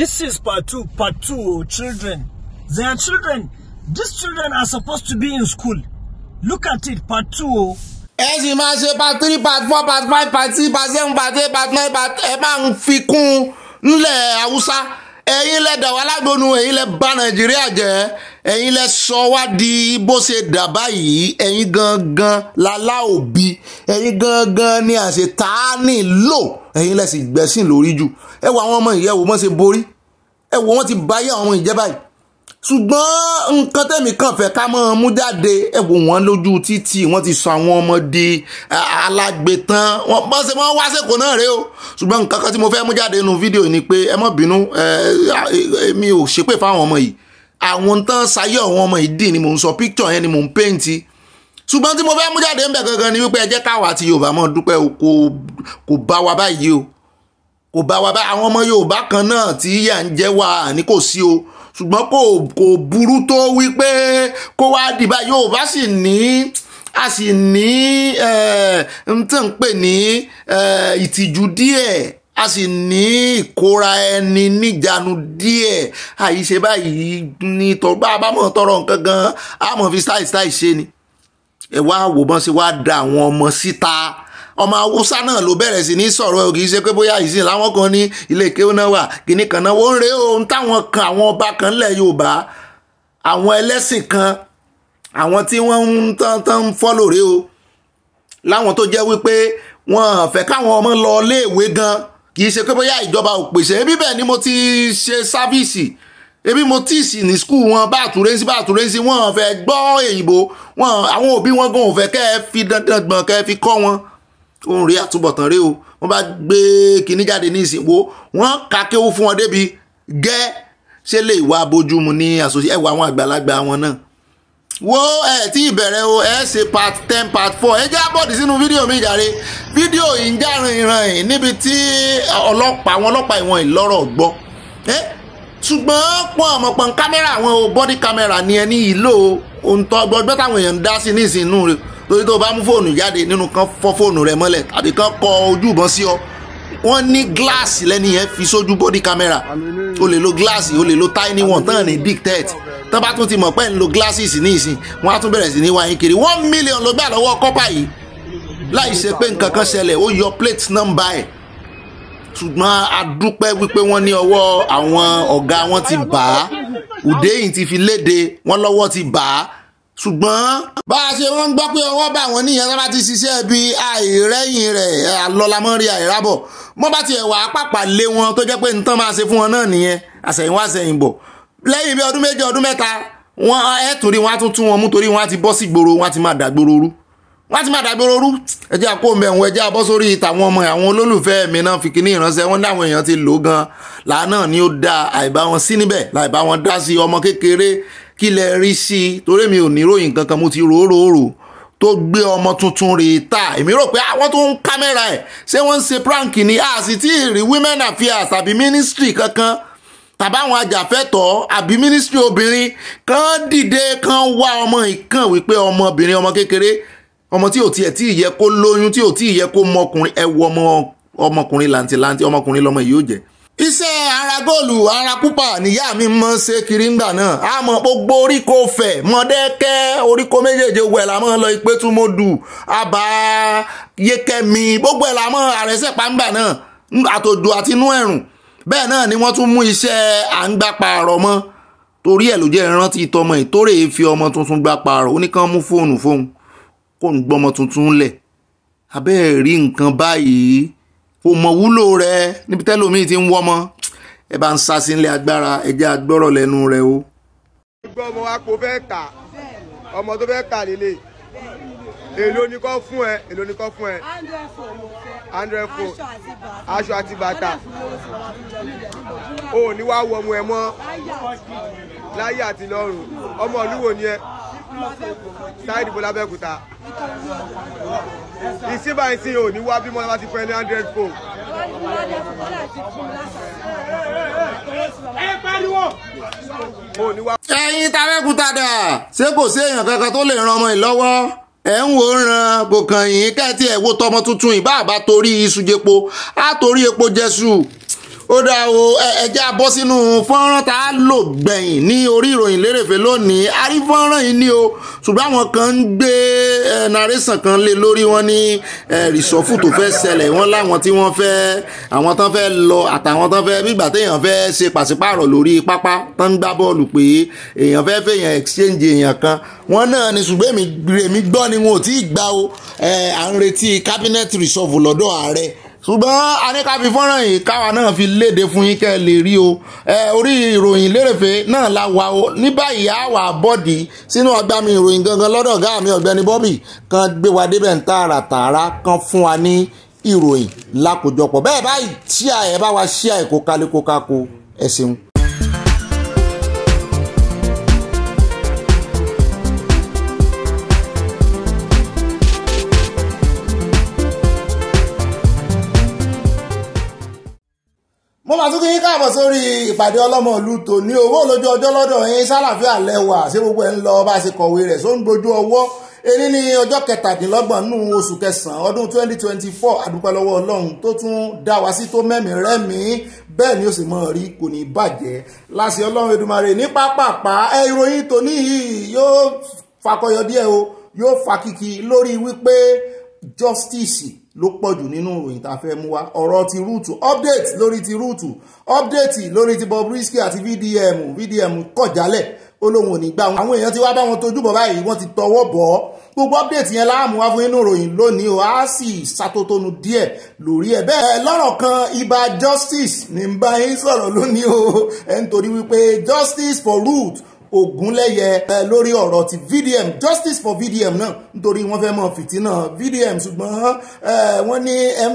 This is part two, part two, oh, children. They are children. These children are supposed to be in school. Look at it, part two. Oh. ẹ máa ṣe part three part four part five part six part seven part eight part nine part ẹ máa ń fi kún un nílẹ̀ haúsá ẹ̀yin lẹ dà wá ẹ̀yin lẹ bà nàìjíríà jẹ́ ẹ̀yin lẹ sọ wá di bó ṣe dà báyìí ẹ̀yin gangan lálá òbí ẹ̀yin gangan ni àṣetáàní lò ẹ̀yin lẹ sì gbẹ̀sìn lórí jù ẹ wo àwọn ọmọ ìyẹ́wò wọ́n ṣe borí ẹ wo wọ́n ti ba ayé àwọn ìjẹ́ báyìí ṣùgbọ́n nǹkan tẹ̀mí kan fẹ́ ká mọ́ mú jáde ẹ wò wọ́n lójú títì wọ́n ti sọ àwọn ọmọ di alágbètán wọ́n bọ́ ṣe wọ́n wá sẹ́kọ̀ọ́ náà rèé o ṣùgbọ́n nǹkan kan tí mo fẹ́ mú jáde nínú fídíò ni pé ẹ má bínú èmi ò ṣépè fáwọn ọmọ yìí àwọn tán sayé àwọn ọmọ ìdí ni mò ń sọ picture yẹn ni mò ń péǹtì ṣùgbọ́n tí mo fẹ́ mú jáde ń bẹ̀ gangan ni wípé ẹ jẹ́ káwa àti yorùbá mọ̀ dúpẹ́ o kò bá wa báyìí o kò bá wa báyìí àwọn ọmọ yorùbá kan náà tí yà ń jẹ́ wa àní kò sí o ṣùgbọ́n kò kò burú tó wípé kó wá dìbà yorùbá sì ní a sì ní ẹ̀ eh, ń tàn pè ní eh, ìtìjú díẹ̀ a sì ní ìkóra ẹni níjànú díẹ̀ àyíṣe báyìí ní tọgbà àbámọ̀ tọrọ nǹkan gan àmọ̀ fi style style ṣe ni ẹ wá wò bọ́n ṣe wá da àwọn ọmọ síta ọmọ haúsá náà ló bẹ̀rẹ̀ sí ní sọ̀rọ̀ ẹ̀ kì í ṣe pé bóyá ìsìn láwọn kan ní ilé ìkéwọ́n náà wà kìíní kan náà wọ́n ń re ohun táwọn kan àwọn ọba kan lẹ̀ Yorùbá àwọn ẹlẹ́sìn kan àwọn tí wọ́n ń tán tán fọ́lò rè o láwọn tó jẹ́ wípé wọ́n fẹ́ káwọn ọmọ lọ léèwé gan-an kì í ṣe pé bóyá ìjọba ò pèsè ebi bẹ́ẹ̀ ni mo ti ṣe sáfíìsì ebi mo tíìsì ní skul wọn bá àtúrẹ́sí bá àtúrẹ́sí wọn fẹ́ gbọ́ èyìnbó wọn àwọn òbí wọn gan ò fẹ́ kẹ́ ẹ fi dandan gbọ̀n kẹ́ ẹ fi kọ́ wọn òun rí àtúbọ̀tán rí o wọ́n bá gbé kinní jáde ní ìsìnkú wọ́n ka kéwú fún wọn débi gẹ́ ṣe lè wá bójúmu ní àsòsí ẹ̀wọ̀ àwọn àgbàlagbà wọn náà wo ẹ tí ìbẹ̀rẹ̀ o ẹ ṣe part ten part four ẹ jẹ́ àbọ̀dì sínú fídíò mi jàre fídíò yìí ń já rìnrìn yìí níbi tí ọlọ́pàá àwọn ọlọ́pàá ìwọ̀n ìlọ́rọ̀ gbọ́ ẹ ṣùgbọ́n pọ́n àmọ̀pọ̀n kámẹ́rà àwọn o bọ́dí kámẹ́rà ni ẹni yìí lò ó ohun tó ọgbẹ́ táwọn èèyàn ń dá sí ní ìsìn inú rẹ torí tó bá mú fóònù jáde nínú kan fọ́ fóònù rẹ mọ́lẹ̀ tàbí kan kọ ojú ìbọn sí ọ wọ́n ní gíláàsì lẹ́ni yẹn fi sójú bọ́dí kámẹ́rà o lè lo gíláàsì o lè lo tiny one tán ní dictate tán bá tún ti mọ̀ pé ń lo glasses ní ìsìn wọ́n á tún bẹ̀rẹ̀ sí ní wáyé kiri one million ló gbà lọ́wọ́ kọ́pà yìí láì ṣe pé nǹkan kan ṣẹlẹ̀ ó yọ plate number ẹ̀ ṣùgbọ́n a dúpẹ́ wípé wọ́n ní ọwọ́ àwọn ọ̀gá wọn ti bà á Udeihin ti fi léde wọ́n lọ́wọ́ ti bà á ṣùgbọ́n bá a ṣe wọ́n ń gbọ́ pé ọwọ́ bá wọn níyẹn láti ṣiṣẹ́ bí àìrẹ́yìn rẹ̀ àlọ́lámọ́rí àìrábọ̀ mọ́ bá tiẹ̀ wà á pàpà lé wọn tó jẹ́ pé nǹkan máa ṣe fún wọn náà nìyẹn àṣẹ̀yìnwá àṣẹ̀yìnbọ̀ lẹ́yìn bí ọdún méje ọdún mẹ́ta wọ́n ẹ̀ torí wọ́n á tún tún wọn mú torí wọ́n á ti bọ́ sí gbòòrò wọ́n á ti máa dàgbòòrò rú wọ́n ti máa dàgbòrò rú ẹjẹ́ àkóńbẹ̀ ẹ̀hún ẹjẹ́ abọ́ sórí tàwọn ọmọ àwọn olólùfẹ́ mi náà fi kíní ìránṣẹ́ wọ́n dáwọn èèyàn ti lò gan làánà ni ó da àìbá wọn sí níbẹ̀ láìbá wọn dá sí ọmọ kékeré kí lẹ rí sí i torí mi ò ní ròyìn kankan mo ti ròóròórò tó gbé ọmọ tuntun rè ta èmi rò pé àwọn ah, tó ń kámẹ́rà ẹ̀ ṣé wọ́n ń ṣe prank ni a sì tí ì rí women affairs tàbí ministry kankan tàbáwọn ajàfẹ́tọ̀ọ́ àbí mínísítírì obìnrin kan dìde kan wá ọmọ ìkàn wípé ọmọbìnrin ọmọ kékeré ọmọ tí ò tiẹ̀ tí ì yẹ kó lóyún tí ò tí ì yẹ kó mọkùnrin ẹ wo ọmọ ọmọkùnrin làǹtìlàǹtì ọmọkùnrin lọmọ yìí ó jẹ́ iṣẹ́ ara góòlù ara púpà níyà mi mọ́ ṣe kiri ńgbà náà a mọ̀ gbogbo oríko fẹ̀ mọ̀dẹ́kẹ́ oríko méjèèjì owó ẹ̀ la mọ̀ lọ ìpè tún mo dù àbá yékẹ́mi gbogbo ẹ̀ la mọ̀ àrẹ́sẹ̀ náà àtòjò àtinú ẹ̀rùn bẹ́ẹ̀ náà ni wọ́n tún mú iṣẹ́ à ń gbá paarọ̀ mọ́ torí ẹ̀ ló jẹ́ ìrántí tọmọ ìtórè fi ọmọ tuntun gbá paarọ̀ ó ní kán mú fóònù fóun kó ń gbọ́mọ tuntun lẹ̀ abẹ́ rí nǹkan báyìí kò mọ̀ wúlò rẹ níbi tẹ́lómi ti ń wọ́mọ ẹ bá ń sasínlẹ̀ agbára ẹ jẹ́ agbọ́rọ̀ lẹ́nu rẹ o. ọmọ wa fẹ́ ta ọmọ tó fẹ́ ta lélẹ̀ èló ni kò fún ẹ èló ni kò fún ẹ. hundred four hundred four aṣọ àti bàtà. o ní wàá wọ ọmọ ẹ mọ́ láyé àti lọ́rùn ọmọ olúwo ni ẹ táyìdì bọ́lá bẹ́ẹ̀kúta ìsínbà ìsín ò ní wá bímọ láti fẹ́ ní hundred four. ẹ pariwo. ẹ̀yin tàbẹ́kúta dà ṣé kò sí èèyàn kankan tó lè ran ọmọ yìí lọ́wọ́ ẹ̀ ń wòran kò kàn yín kẹ́ẹ̀tì ẹ̀ wo tọmọ tuntun ìbá àbá torí iṣu jẹpo a torí epo jẹsùn ó dáa o ẹjẹ́ abọ́ sínú fọ́nrán tá a lò gbẹ̀yìn ní orí ìròyìn lérèfé lónìí a rí fọ́nrán yìí ní o ṣùgbọ́n àwọn kan ń gbé narration kan lé lórí wọn ní rìsọ́fù tó fẹ́ ṣẹlẹ̀ wọn láwọn tí wọ́n fẹ́ àwọn tán fẹ́ lọ àtàwọn tán fẹ́ bí ìgbà téèyàn fẹ́ ṣe pàṣípààrọ̀ lórí pápá tán ń gbá bọ́ọ̀lù pé èèyàn fẹ́ fèèyàn exchange èèyàn kan wọn náà ni ṣùgbọ́n èmi gbọ́ ni wọn ò tí ì gbà o à ń retí cabinet resolve lọ́dọ̀ ààrẹ ṣùgbọ́n a ní ká fi fọ́nrán yìí káwa náà fi léde fún yín kẹ́ ẹ lè rí o ẹ orí ìròyìn lérèfé náà la wà o ní báyìí a wà bọ́ọ̀dì sínú ọgbà mi ìròyìn gangan lọ́dọ̀ ọ̀gá mi ọ̀gbẹ́ni Bobby kan gbé wa débẹ̀ ń tààrà tààrà kan fún wa ní ìròyìn lákòjọpọ̀ bẹ́ẹ̀ báyìí tí ẹ̀ bá wa ṣí àìkókalẹ̀ kókako ẹ ṣeun. mo máa tún kí yín káàbọ̀ sórí ìpàdé ọlọ́mọ ìlú tòní owó lójú ọjọ́ lọ́dọ̀ yín sálàfíà lẹ́wà ṣé gbogbo ẹ̀ ń lọ bá a ṣe kọ̀wé rẹ̀ só ń gbojú ọwọ́ èyí ní ọjọ́ kẹtàdínlọ́gbọ̀n nù oṣù kẹsàn-án ọdún 2024 àdúpẹ́ lọ́wọ́ ọlọ́run tó tún dá wa sí tó mẹ́mí rẹ́mìí bẹ́ẹ̀ ni ó sì mọ̀ rí kò ní bàjẹ́ láṣẹ ọlọ́run Èdùmàrè ní pápápá ẹ ìròyìn tòní yìí yóò fakọyọ díẹ̀ o yóò fa kìkì lórí wípé justice ló pọ̀jù nínú ìròyìn tá a fẹ́ mú wá ọ̀rọ̀ ti rúùtù update lórí ti rúùtù update lórí ti Bobrisky àti VDM VDM kọ̀ jálẹ̀ ó lóun ò ní gbà wọn àwọn èèyàn ti wá bá wọn tójú bọ̀ báyìí wọ́n ti tọwọ́ bọ̀ ọ́ gbogbo update yẹn láàmú wá fún inú ìròyìn lónìí o á sì ṣàtótónu díẹ̀ lórí ẹ̀ bẹ́ẹ̀ lọ́rọ̀ kan ibà justice ní bá yín sọ̀rọ̀ lónìí o ẹ̀ ń torí wípé justice for root Ògúnlẹ́yẹ lórí ọ̀rọ̀ ti VDM justice for VDM náà nítorí wọ́n fẹ́ mọ fìtínà VDM ṣùgbọ́n wọ́n ní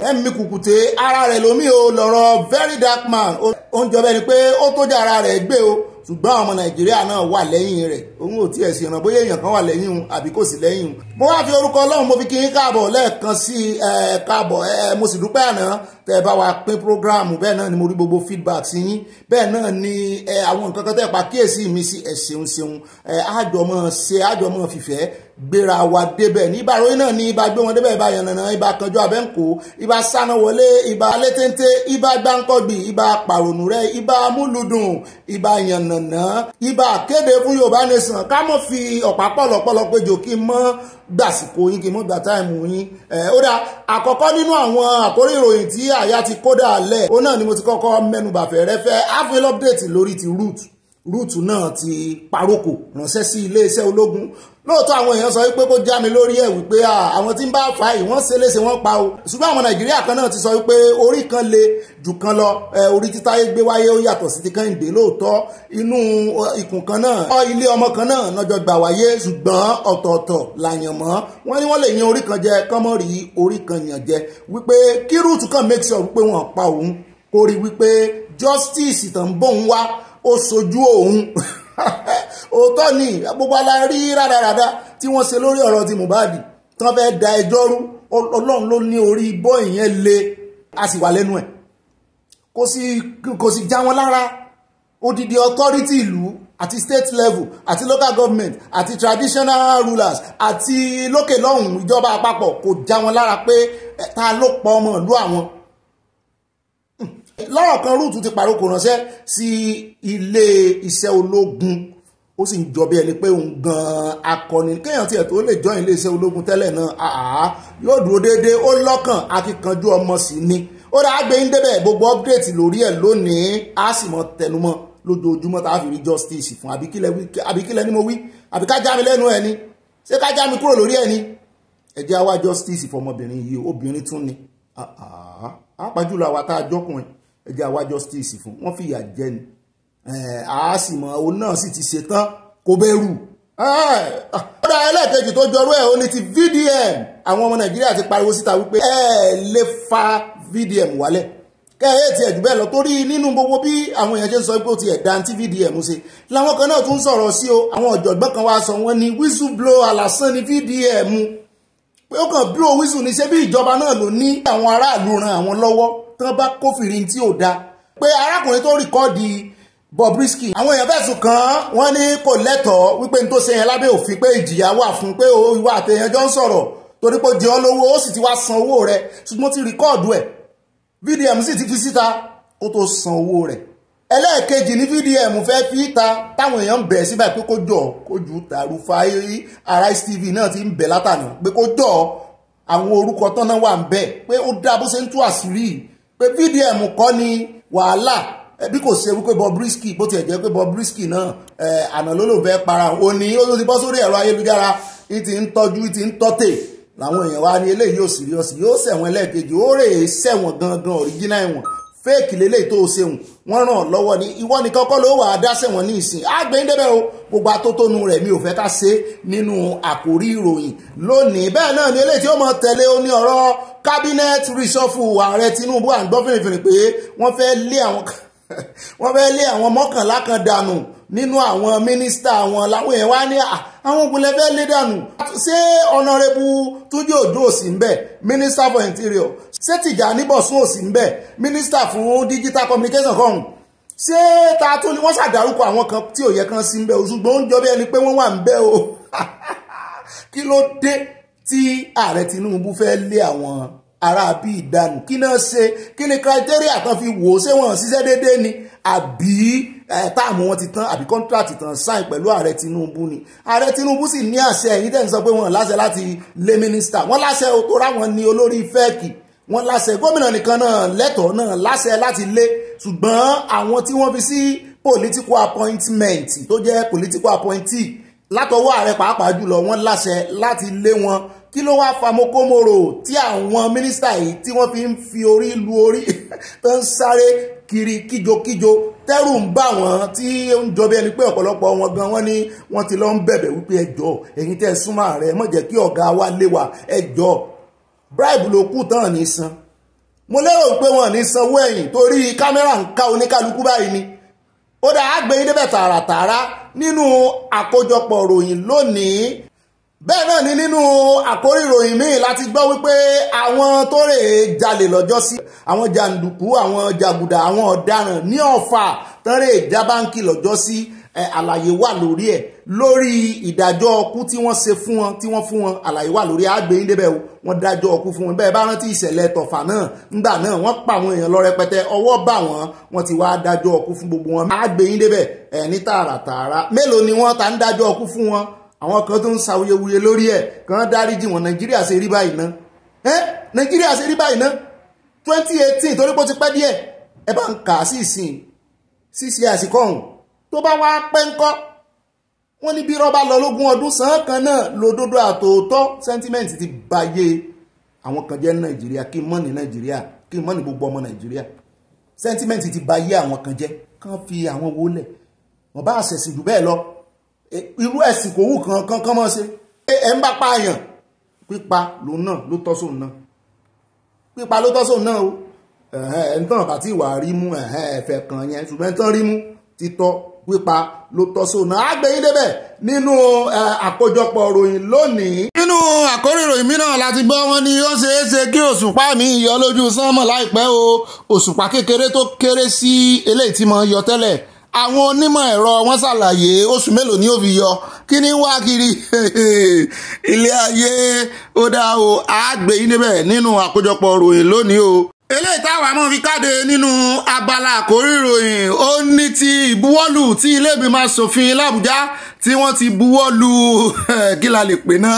ẹ̀mí kùkùté ara rẹ̀ lómi o lọ́rọ̀ very dark man ó ń jọ bẹ́ẹ̀ ni pé ó tó jà ara rẹ̀ gbé o ṣùgbọ́n àwọn ọmọ nàìjíríà náà wà lẹ́yìn rẹ̀ òun ò tiẹ̀ sí ọ̀nà bóyá èèyàn kan wà lẹ́yìn òun àbí kò sí lẹ́yìn òun. mo wá fi orúkọ ọlọ́run mo fi kí yín káàbọ̀ lẹ́ẹ̀kan sí ẹ káàbọ̀ ẹ mo sì dúpẹ́ àná tẹ́ ẹ bá wa pín prógráàmù bẹ́ẹ̀ náà ni mo rí gbogbo feedback sí yín bẹ́ẹ̀ náà ni àwọn nǹkan kan tẹ́ ẹ pa kíyèsí mi sí ẹ ṣeun ṣeun ẹ àjọmọ̀ ṣe àjọmọ̀ fìfẹ́ gbéra wa débẹ̀ ní ibà ròyìn náà ní ibà gbé wọn débẹ̀ ibà yànnànà ibà kanjú abẹ́ǹkó ibà sáná wọlé ibà létéńté ibà gbáǹkọ́gbì ibà pàrònú rẹ ibà múlùdùn ibà yànnànà ibà kéde fún Yorùbá nation ká mọ̀ fi ọ̀pá pọ̀lọpọ̀lọ péjọ kí n mọ́ gbàsìkò yín kí n mọ́ gbà táìmù yín ó dá àkọ́kọ́ nínú àwọn àkórí ìròyìn tí àyà ti kódà lẹ̀ ó náà ni mo ti kọ́kọ́ mẹ́nubà fẹ́rẹ́fẹ́ á lórí ti root rúùtù náà ti parókò ránṣẹ́ sí iléeṣẹ́ ológun lóòótọ́ àwọn èèyàn sọ wípé kó já mi lórí ẹ̀ wípé àwọn tí ń bá fa yìí wọ́n ṣe léṣe wọ́n pa o ṣùgbọ́n àwọn nàìjíríà kan náà ti sọ wípé orí kan le jù kan lọ orí títa gbé wáyé ó yàtọ̀ sí ti kẹ́hìndé lóòótọ́ inú ikùn kan náà ọ ilé ọmọ kan náà lọ́jọ́ gbà wáyé ṣùgbọ́n ọ̀tọ̀ọ̀tọ̀ làyàn mọ́ wọ́n ní wọ́n lè yan orí kan jẹ kọ́mọ́ rí orí kan yàn jẹ wípé kí rúùtù kan make sure wípé wọ́n pa òun kó wípé justice ìtàn bóun wá ó sojú òun òótọ́ ni gbogbo ala rí rádaràda tí wọ́n ṣe lórí ọ̀rọ̀ ti Mohbad tí wọ́n fẹ́ẹ́ da ẹjọ́ rú ọlọ́run ló ní orí bọ́ọ̀yì yẹn le a sì wà lẹ́nu ẹ̀ kò sì kò sì já wọn lára odidi authority ìlú àti state level àti local government àti traditional rulers àti lókè lọ́hùn ìjọba àpapọ̀ kò já wọn lára pé ta ló pa ọmọ ìlú àwọn lọ́rọ̀ kan rúùtù ti pàrókò ránṣẹ́ sí ilé iṣẹ́ ológun ó sì ń jọ bí ẹni pé òun gan-an akọni kéèyàn tiẹ̀ tó lè jọyìn ilé iṣẹ́ ológun tẹ́lẹ̀ náà àá yóò dúró déédéé ó lọ́kàn akíkanjú ọmọ sí ni ó dáa gbé ń débẹ̀ gbogbo update lórí ẹ̀ lónìí á sì mọ tẹnumọ́ lójoojúmọ́ tá a fi rí justice fún àbíkílẹ̀ ni mo wí àbí ká já mi lẹ́nu ẹ̀ ni ṣé ká já mi kúrò lórí ẹ̀ ni ẹ jẹ́ á wá justice fọ́mọbìnrin yìí obìnrin tún ni àpájùlọ àwa tá a jọkùnrin ẹ jẹ́ àwa justice fún wọ́n fìyà jẹ ni a sì mọ̀ òun náà sì ti ṣetán kò bẹ̀rù ọ̀dà ẹlẹ́ẹ̀kejì tó jọrú ẹ̀ ó ní ti VDM àwọn ọmọ Nàìjíríà ti pariwo síta wípé ẹ lè fa VDM wálẹ̀ kẹ́ẹ̀yẹ́ tiẹ̀ jù bẹ́ẹ̀ lọ torí nínú gbogbo bí àwọn èèyàn ṣe ń sọ pé ó ti ẹ̀dá tí VDM ṣe làwọn kan náà tún sọ̀rọ̀ sí o àwọn ọ̀jọ̀gbọ́n kan wá sọ wọ́n ní whistleblower lásán ni VDM pé ó kàn blow whistle ní ṣé bí ìjọba náà ló ní àwọn aráàlú ran àwọn lọ́wọ́ tán bá kófìrí tí ò da pé arákùnrin tó rìkọ́ọ̀dì Bobrisky àwọn èèyàn fẹ̀sùn kàn án wọ́n ní kò lẹ́tọ̀ọ́ wípé n tó ṣe yẹn lábẹ́ òfin pé ìjìyà wà fún pé ó ìwà àtẹ̀yẹn jọ ń sọ̀rọ̀ torí pé jẹ́ olówó ó sì ti wá san owó rẹ̀ ṣùgbọ́n ti rìkọ́ọ̀dù ẹ̀ VDM sì ti fi síta kó tó san owó rẹ̀ ẹlẹ́ẹ̀kejì ní VDM fẹ́ fi ta táwọn èèyàn ń bẹ̀ síbẹ̀ pé kó jọ kó ju Rufai Arise TV náà ti ń bẹ̀ látàná pé kó jọ àwọn orúkọ tán náà wà ń bẹ̀ pé ó dá bó ṣe ń tú àṣírí yìí pé VDM kọ́ ni wàhálà bí kò ṣe wípé Bobrisky bó tiẹ̀ jẹ́ pé Bobrisky náà àná ló lòun fẹ́ para òun òní ó ti bọ́ sórí ẹ̀rọ ayélujára ní ti ń tọ́jú ní ti ń tọ́tè làwọn èèyàn wa ní eléyìí yóò síríọ́sì yóò ṣẹ̀wọ̀n ẹlẹ́ẹ̀kejì ó rè é ṣẹ̀wọ̀n gangan ọ̀ríjínà ẹ̀wọ̀n fẹ́ẹ̀kì lélẹ́yìí tó o ṣeun wọ́n ràn lọ́wọ́ ní ìwọ nìkan kọ́ ló wà á dá ṣẹ̀wọ̀n ní ìsìn àgbẹ̀yìn débẹ̀ o gbogbo atótónu rẹ̀ mi ò fẹ́ ká ṣe nínú àkórí ìròyìn lónìí bẹ́ẹ̀ náà ni eléyìí tí ó mọ tẹ̀lé ó ní ọ̀rọ̀ cabinet reshuffle ààrẹ Tinubu à ń gbọ́ fìrìfìrì pé wọ́n fẹ́ lé àwọn wọ́n fẹ́ lé àwọn mọ́kànlá kan dànù nínú àwọn mínísítà wọn láwọn èèyàn wá ní àwọn ògùnlẹ̀ fẹ́ lé dànù ṣé ọ̀nàrẹ́bù Túnjí Òdó òsì ń bẹ̀ mínísítà for interior ṣé Tìjàní Bọ̀sún òsì ń bẹ̀ mínísítà fún digital communication kọ́hún ṣé ta tó ni wọ́n ṣàdárúkọ àwọn kan tí ò yẹ kan sí ń bẹ o ṣùgbọ́n ó ń jọ bí ẹni pé wọ́n wà ń bẹ o kí ló dé tí ààrẹ Tinubu fẹ́ lé àwọn ará bí ìdánù kí náà ṣe kí ni criteria tán fi wò ó ṣé wọ́n ṣiṣẹ́ déédéé ni àbí táàmù wọn ti tán àbí contract tán sign pẹ̀lú ààrẹ Tinubu ni ààrẹ Tinubu sì ní àṣẹ ẹ̀yìn tẹ̀ ń sọ pé wọ́n láṣẹ láti lé mínísítà wọ́n láṣẹ tó ráwọn ní olórí fẹ́ẹ̀kì wọ́n láṣẹ gómìnà nìkan náà lẹ́tọ̀ọ́ náà láṣẹ láti lé ṣùgbọ́n àwọn tí wọ́n fi sí political appointment tó jẹ́ political appointee látọwọ́ ààrẹ pàápàá jùlọ wọ́n láṣẹ láti lé wọn kí ló wá fa mokomoro tí àwọn mínísítà yìí tí wọ́n fi ń fi orí lu orí tó ń sáré kiri kíjokíjo tẹ́rù ń bà wọ́n tí ó ń jọbi ẹni pé ọ̀pọ̀lọpọ̀ wọn gan wọ́n ní wọ́n ti lọ ń bẹ̀bẹ̀ wípé ẹjọ́ ẹ̀yin tẹ́ súnmọ́ ààrẹ má kí ọ̀gá wa lé wa ẹjọ́ bribe ló kù tán ní san mo lérò pé wọn ní sanwó ẹ̀yìn torí kámẹ́rà ń ká oníkálukú báyìí ni ó dáa á gbé yín débẹ̀ tààràtààrà nínú àkójọpọ̀ ròyìn lónìí bẹ́ẹ̀ náà ni nínú àkórí ìròyìn míì láti gbọ́ wípé àwọn tó rè é jalè lọ́jọ́sí àwọn jàǹdùkú àwọn jàgùdà àwọn ọ̀daràn ní ọ̀fà tán rè é já báńkì lọ́jọ́sí àlàyé wà lórí ẹ̀ lórí ìdájọ́ ọkú tí wọ́n ṣe fún wọn tí wọ́n fún wọn àlàyé wà lórí àgbẹ̀ yín débẹ̀ wọ́n dájọ́ ọkú fún wọn bẹ́ẹ̀ bá rántí ìṣẹ̀lẹ̀ tọ̀fà náà ńgbà náà wọ́n pa àwọn èèyàn lọ rẹpẹtẹ ọwọ́ bá wọn wọ́n ti wá dájọ́ ọkú fún gbogbo wọn àgbẹ̀ yín débẹ̀ ẹ̀ ní tààràtààrà mélòó ni wọ́n ta ń dájọ́ ọkú fún wọn àwọn kan tó ń sawuyewuye lórí ẹ̀ kan dáríjì wọn nàìjíríà ṣe rí báyìí ná twenty eighteen torí pé ó ti pẹ́ díẹ̀ ẹ bá tó bá wá pẹ́ ńkọ́ wọ́n ní bí rọ́bà lọ lógún ọdún sàn kan náà lòdodo àtòótọ́ sentiment ti bàyè àwọn kan jẹ́ nàìjíríà kí mọ́ ní nàìjíríà kí mọ́ ní gbogbo ọmọ nàìjíríà sentiment ti bàyè àwọn kan jẹ́ kán fi àwọn wo lẹ̀ wọ́n bá àṣẹ̀sìn jù bẹ́ẹ̀ lọ e, irú ẹ̀sìn kò wù kan kan kan mọ́ ṣe e, ẹ̀ ń bá pààyàn pípa lòun náà ló tọ́ sóun náà pípa ló tọ́ sóun náà o ẹ̀ẹ́n tán àbátí ìwà rímú ẹ̀ẹ́n ẹ̀fẹ̀ kan yẹn ṣùgbọ́n tán rímú ti tọ́ pípa ló tọ́ sí ọ̀nà àgbẹ̀yìn débẹ̀ nínú àkójọpọ̀ ròyìn lónìí. nínú àkórí ìròyìn mìíràn láti gbọ́ wọn ni ó ṣeé ṣe kí òṣùpá mi yọ lójú sánmọ̀ láìpẹ́ o òṣùpá kékeré tó kéré sí eléyìí tí mo yọ tẹ́lẹ̀ àwọn onímọ̀ ẹ̀rọ wọn ṣàlàyé oṣù mélòó ni ó fi yọ kí ni wá kiri ilé ayé ó dá o àgbẹ̀yìn débẹ̀ nínú àkójọpọ̀ ròyìn lónìí o eléyìí táwa máa fi káde nínú abala àkórí ìròyìn ó ní ti ìbuwọ́lù tí ilé ìgbìmọ̀ asòfin làbújá tí wọ́n ti buwọ́lù kí la lè pè náà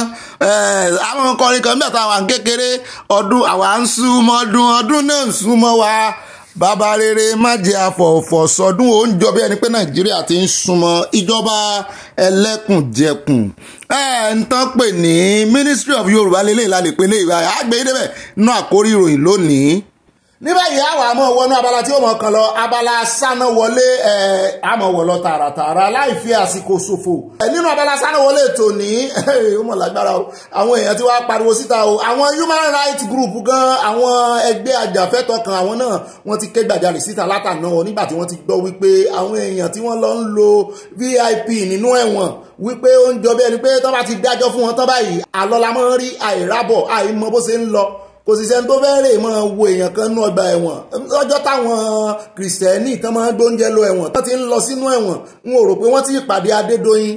eh, àwọn ọkùnrin kan mẹ́ta wà ń kékeré ọdún àwa ń súnmọ́ ọdún ọdún náà ń súnmọ́ wa bàbá rere má jẹ́ àfọ̀fọ̀ sọdún ó ń jọ bí ẹni pé nàìjíríà ti ń súnmọ́ ìjọba ẹlẹ́kùnjẹkùn ẹ eh, ń tán pè ní ministry of yorùbá lélẹ́yìn la lè pè léyìí àgbẹ̀ yìí e débẹ̀ náà àkórí ìròyìn lónìí ní báyìí àwọn àmọ́ wọnú abala tí ó mọ̀ kàn lọ abala sánáwọlé ẹ̀ àmọ̀wọ̀lọ tààràtààrà láì fi àsìkò ṣòfò nínú abala sánáwọlé tòní ó mọ̀ lágbára o àwọn èèyàn tí wàá pariwo síta o àwọn human rights group gan àwọn ẹgbẹ́ ajàfẹ́tọ̀ọ́ kan àwọn náà wọ́n ti ké gbàjarè síta látàná o nígbà tí wọ́n ti gbọ́ wípé àwọn èèyàn tí wọ́n lọ ń lo VIP nínú ẹ̀wọ̀n wípé ó ń jọ bí ẹni pé tán bá ti dájọ́ fún wọn tán báyìí kò sì sẹ́ni tó fẹ́ rè mọ́ wo èèyàn kan nú ọgbà ẹ̀wọ̀n lọ́jọ́ táwọn kìrìsìtẹ́nì tán máa ń gbóúnjẹ lọ ẹ̀wọ̀n tán ti ń lọ sínú ẹ̀wọ̀n n ò rò pé wọ́n ti pàdé Adédoyin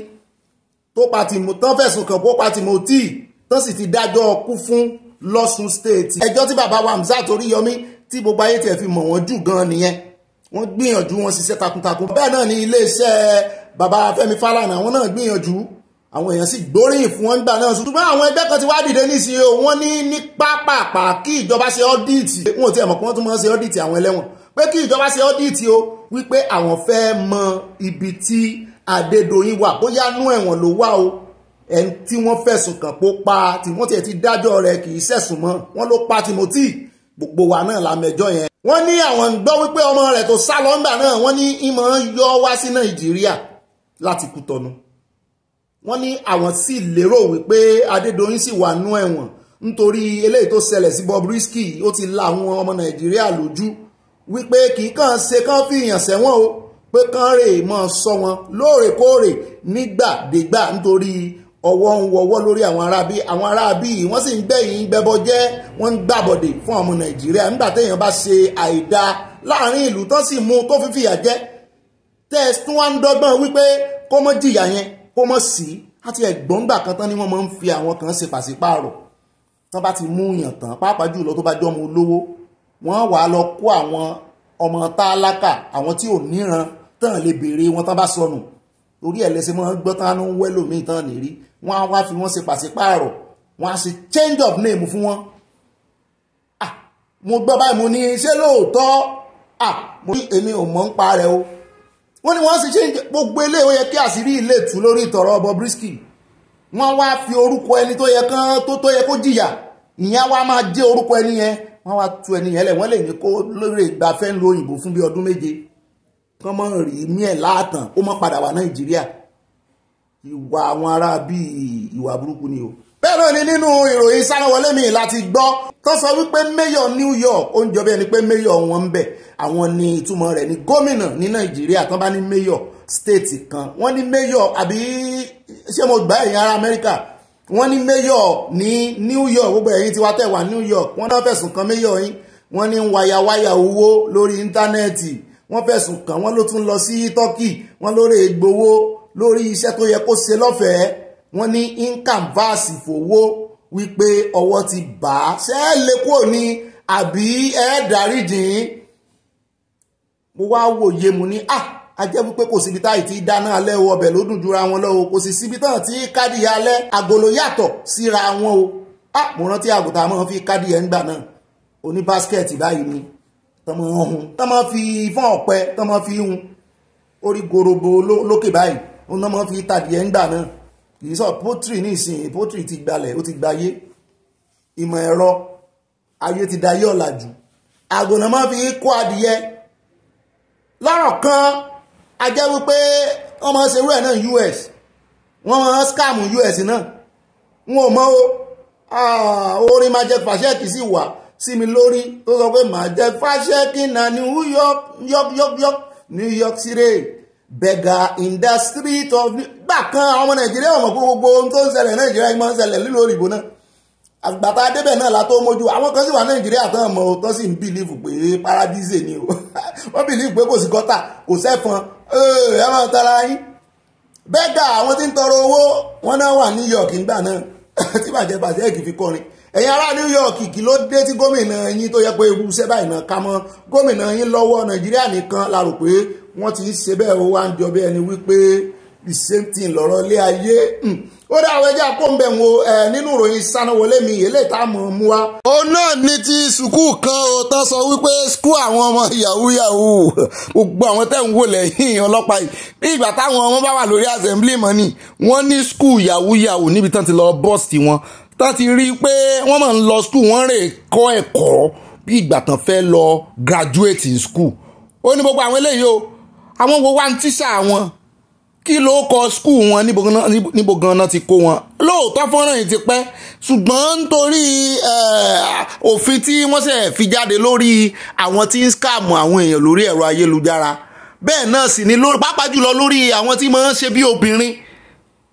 tó pa tìmọ̀ tán fẹ̀sùn kàn tó pa Timothy tán sì ti dájọ́ kú fún lọ́sùn stéètì ẹjọ́ tí bàbá wa Hamzat Oríyọmí tí gbogbo ayé tiẹ̀ fi mọ̀ wọ́n jù gan nìyẹn wọ́n gbìyànjú wọn ṣiṣẹ́ takuntakun bẹ́ẹ̀ náà ní iléeṣẹ́ bàbá Fẹ́mi Fálànà àwọn náà gbìyànjú àwọn èèyàn sì gbóríyìn fún wọn gbà náà ṣùgbọ́n àwọn ẹgbẹ́ kan ti wá dìde nísìnyí o wọ́n ní ní pápápá kí ìjọba ṣe ọ́díìtì wọn ò tí ẹ̀ mọ̀ pé wọ́n tún mọ̀ ṣe ọ́díìtì àwọn ẹlẹ́wọ̀n pé kí ìjọba ṣe ọ́díìtì o wípé àwọn fẹ́ mọ ibi tí Adédoyin wà bóyá nú ẹ̀wọ̀n ló wà o ẹni tí wọ́n fẹ̀sùn kàn pó pa tí wọ́n tiẹ̀ ti dájọ́ rẹ̀ kì í ṣẹ̀sùn mọ́ wọ́n ló pa Timothy gbogbo wa náà la mẹjọ yẹn wọ́n ní àwọn ń gbọ́ wípé ọmọ rẹ̀ tó sá lọ́ngbà náà wọ́n ní ìmọ̀ ń yọ wá sí Nàìjíríà láti Kútọ́nù wọ́n ní àwọn sì lérò wípé Adédoyin sì wà nú ẹ̀wọ̀n nítorí eléyìí tó ṣẹlẹ̀ sí Bobrisky ó ti la àwọn ọmọ Nàìjíríà lójú wípé kì í kàn ṣe kán fi ìyàn sẹ́wọ̀n o pé kán rè mọ́ sọ wọn lóòrèkóòrè nígbàdégbà nítorí ọwọ́ ń wọwọ́ lórí àwọn aráabí àwọn aráabí wọ́n sì ń gbẹ̀yìn gbẹbọ jẹ́ wọ́n ń gbàbọ̀dè fún ọmọ Nàìjíríà nígbà téèyàn bá ṣe àìda láàrin ìlú tán sì mú tó fífìyà jẹ́ tẹ́ tún wá ń dọ́gbọ́n wípé kó mọ́ jìyà yẹn kó mọ̀ sí àti ẹ̀gbọ́ngbà kan tán ni wọ́n máa ń fi àwọn kan ṣe pàṣípààrọ̀ tán bá ti mú yàn tán pàápàá jùlọ tó bá jọ́ ọmọ olówó wọ́n wàá lọ kó àwọn ọmọ tálákà àwọn tí ò níran tán lè béèrè wọn tán bá sọnù orí ẹ̀lẹ́sẹ̀ máa ń gbọ́ tán ló ń wẹ́ lómìn tán nìrí wọ́n á wá fi wọ́n ṣe pàṣípààrọ̀ wọ́n á ṣe change of name fún wọn. Ah, mo gbọ́ báyìí mo ní ṣé lóòótọ́ ah, èmi ò mọ̀ ń pa rẹ̀ o wọ́n ní wọ́n sì ṣe gbogbo ilé ó yẹ kí àṣírí ilé tú lórí ìtọ̀rọ̀ Bobrisky wọ́n wá fi orúkọ ẹni tó yẹ kán tó tó yẹ kó jìyà ìyẹn wá máa jẹ́ orúkọ ẹni yẹn wọ́n wá tú ẹni yẹn lẹ̀ wọ́n lè ní kó lórí ìgbafẹ́ ń lo òyìnbó fún bí ọdún méje kán mọ́ rí mí ẹ̀ láàtàn ó mọ́ padà wá Nàìjíríà ìwà àwọn ará bíi ìwà burúkú ni o bẹ́ẹ̀ náà ni nínú ìròyìn sánáwọlé mi láti gbọ́ tó sọ wípé mayor New York ó ń jọ bí ẹni pé mayor wọn ń bẹ̀ àwọn ni ìtumọ̀ rẹ̀ ni gómìnà ní Nàìjíríà tán bá ní mayor state kan wọ́n ní mayor àbí ṣé mo gbà ẹ̀yin ará Amẹ́ríkà wọ́n ní mayor ní New York gbogbo ẹ̀yin tí wàá New York wọ́n náà fẹ̀sùn kan mayor yín wọ́n ní wayawaya owó lórí íńtánẹ́ẹ̀tì wọ́n fẹ̀sùn kàn wọ́n ló tún lọ sí Turkey wọ́n lórí ègbowó lórí iṣẹ́ tó yẹ kó ṣe lọ́fẹ̀ẹ́ wọ́n ní incam vaasi fowó wípé ọwọ́ ti bà á ṣé ẹ lè kúrò ní àbí ẹ dáríjìn mo wá wòye mo ní à ah, a jẹ́ wípé kò síbi táyì tí dáná alẹ́ o ọbẹ̀ ló dùn jura wọn lọ́wọ́ kò sì síbi tán tí kádì alẹ́ agolo yàtọ̀ síra wọn o à ah, mo rántí àgùntàn àmọ́ fi kádì ẹ̀ ń gbà náà oní báskẹ̀tì báyìí ni tọmọ ọhún tọmọ fi fọ́n ọ̀pẹ tọmọ fi hun orí gorobo lókè báyìí òun náà mọ́ fi tàdí ẹ̀ ń gbà náà kì í sọ poultry ní ìsìn poultry ti gbalẹ̀ ó ti gbayé ìmọ̀ ẹ̀rọ ayé ti dayé ọ̀làjú àgùnà máa fi kó adìyẹ lọ́rọ̀ kan a jẹ́ wípé wọ́n máa ń ṣe irú ẹ̀ náà US wọ́n máa ń scam US náà wọn ò mọ̀ o ah, orin máa jẹ fàṣẹ́kì sí wà sí mi lórí tó sọ pé máa jẹ fàṣẹ́kì náà ní New York New York New York City beggar in the street of gbàkan àwọn ọmọ nàìjíríà ọmọ pé gbogbo ohun tó ń ṣẹlẹ̀ nàìjíríà yìí máa ń ṣẹlẹ̀ lílo òrìbó náà àgbàtà débẹ̀ náà la tó mójú àwọn kan sì wà nàìjíríà tán mọ o tán sì ń bìlífù pé paradíṣe ni o wọ́n bìlífù pé kò sí gọ́tà kò sẹ́fọn ẹ máa tara yín bẹ́gà àwọn tí ń tọrọ owó wọn náà wà New York ńgbà náà tí bàjẹ́ bàjẹ́ èkì fi kọrin ẹ̀yin ará New York kì ló dé tí gómìnà yín tó yẹ pé ewu sẹ́bà ìnà ká mọ́ gómìnà yín lọ́wọ́ nàìjíríà nìkan la rò pé wọ́n ti ṣe bẹ́ẹ̀ ó wá ń jọ bí ẹni wípé the same thing lọ́rọ̀ lé ayé hmm. ó dá àwọn ẹja kó ń bẹ̀ wo nínú ìròyìn sanáwọlé mi èlé tá a mọ̀ mú wa. ó náà ní ti sùkúù kan ó tán sọ wípé sùkúù àwọn ọmọ yahoo yahoo gbogbo àwọn tẹ̀ ń wò lẹ́yìn ọlọ́pàá yìí ní ìgbà táwọn ọmọ bá wà lórí assembly money wọ́n ní sùkúù yahoo yahoo níbi tán ti lọ bọ́ọ̀sì wọn tán ti rí i pé wọ́n máa ń lọ sùkúù wọ́n rè kọ́ ẹ̀kọ́ bí ìgbà tán fẹ́ lọ graduate in school ó ní gbogbo àwọn eléyìí o àwọn wo wá ń tíṣà wọn kí ló kọ skul wọn níbo ganan ti kó wọn lóòótọ́ fọ́nrán yìí ti pẹ́ ṣùgbọ́n nítorí eh, òfin tí wọ́n ṣe fi jáde lórí àwọn tí ń scam àwọn èèyàn lórí ẹ̀rọ ayélujára bẹ́ẹ̀ náà sì ni pàápàá jùlọ lórí àwọn tí máa ń ṣe bí obìnrin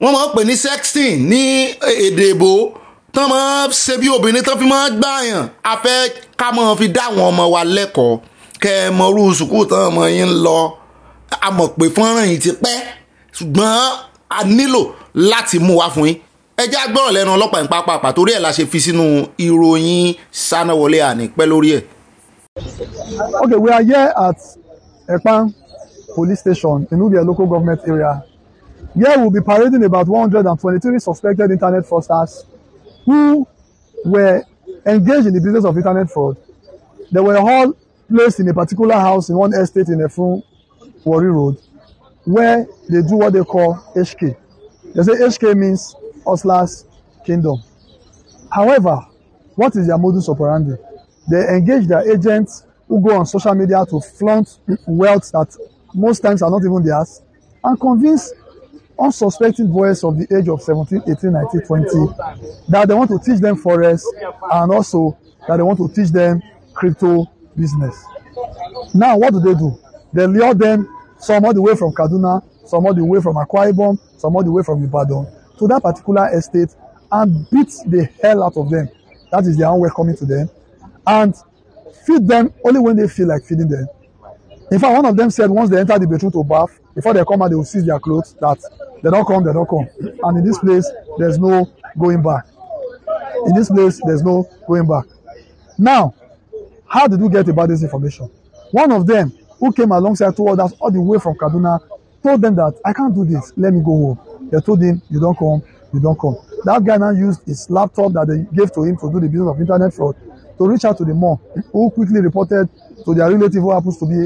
wọ́n máa ń pè ní sexting ní èdè èbó tán máa ń ṣe bí obìnrin tán fi máa ń gbààyàn a fẹ́ ká máa fi dá àwọn ọmọ wa lẹ́kọ̀ọ́ kẹ́ ẹ mọrú sùkúù tán ọmọ yín ń lọ a mọ̀ pé fọ́nrán yìí ti pẹ́ ṣùgbọ́n a nílò láti mú wá fún yín ẹ agbọ́rọ̀ lẹ́nu ọlọ́pàá ní pápápá torí ẹ̀ la ṣe fi sínú ìròyìn sanáwọlé ànípẹ́ lórí ẹ̀. Okay, we are here at Ekpan police station in Ubia local government area. Here we'll be parading about 123 suspected internet fraudsters who were engaged in the business of internet fraud. They were all placed in a particular house in one estate in Efun, Warri Road, where they do what they call HK. They say HK means Hustler's Kingdom. However, what is their modus operandi? They engage their agents who go on social media to flaunt wealth that most times are not even theirs and convince unsuspecting boys of the age of 17, 18, 19, 20 that they want to teach them forex and also that they want to teach them crypto business. Now, what do they do? They lure them some all the way from Kaduna, some all the way from Akwa Ibom, some all the way from Ibadan to that particular estate and beat the hell out of them. That is their own welcoming to them. And feed them only when they feel like feeding them. In fact, one of them said once they enter the bedroom to bath, before they come out, they will seize their clothes that they don't come, they don't come. And in this place, there's no going back. In this place, there's no going back. Now, how did we get about this information? One of them who came alongside two others all the way from Kaduna, told them that I can't do this, let me go home. They told him, You don't come, you don't come. That guy now used his laptop that they gave to him to do the business of internet fraud to reach out to the mom, who quickly reported to their relative who happens to be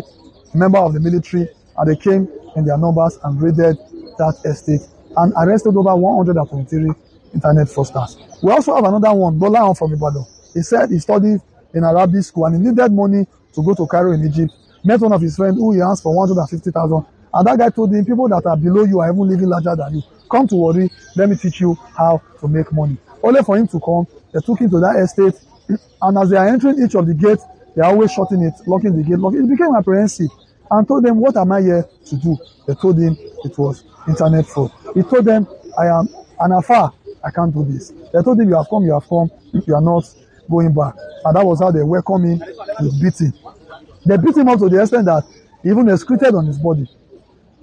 a member of the military, and they came in their numbers and raided that estate and arrested over 123 internet fraudsters. We also have another one, Bola from Ibadan. He said he studied in Arabic school and he needed money to go to Cairo in Egypt met one of his friends who he asked for 150,000. And that guy told him, people that are below you are even living larger than you. Come to worry, let me teach you how to make money. Only for him to come, they took him to that estate. And as they are entering each of the gates, they are always shutting it, locking the gate, locking. It became apprehensive and told them, what am I here to do? They told him it was internet fraud. He told them, I am an afar. I can't do this. They told him, you have come, you have come. You are not going back. And that was how they welcomed him with beating. They beat him up to the extent that he even excreted on his body.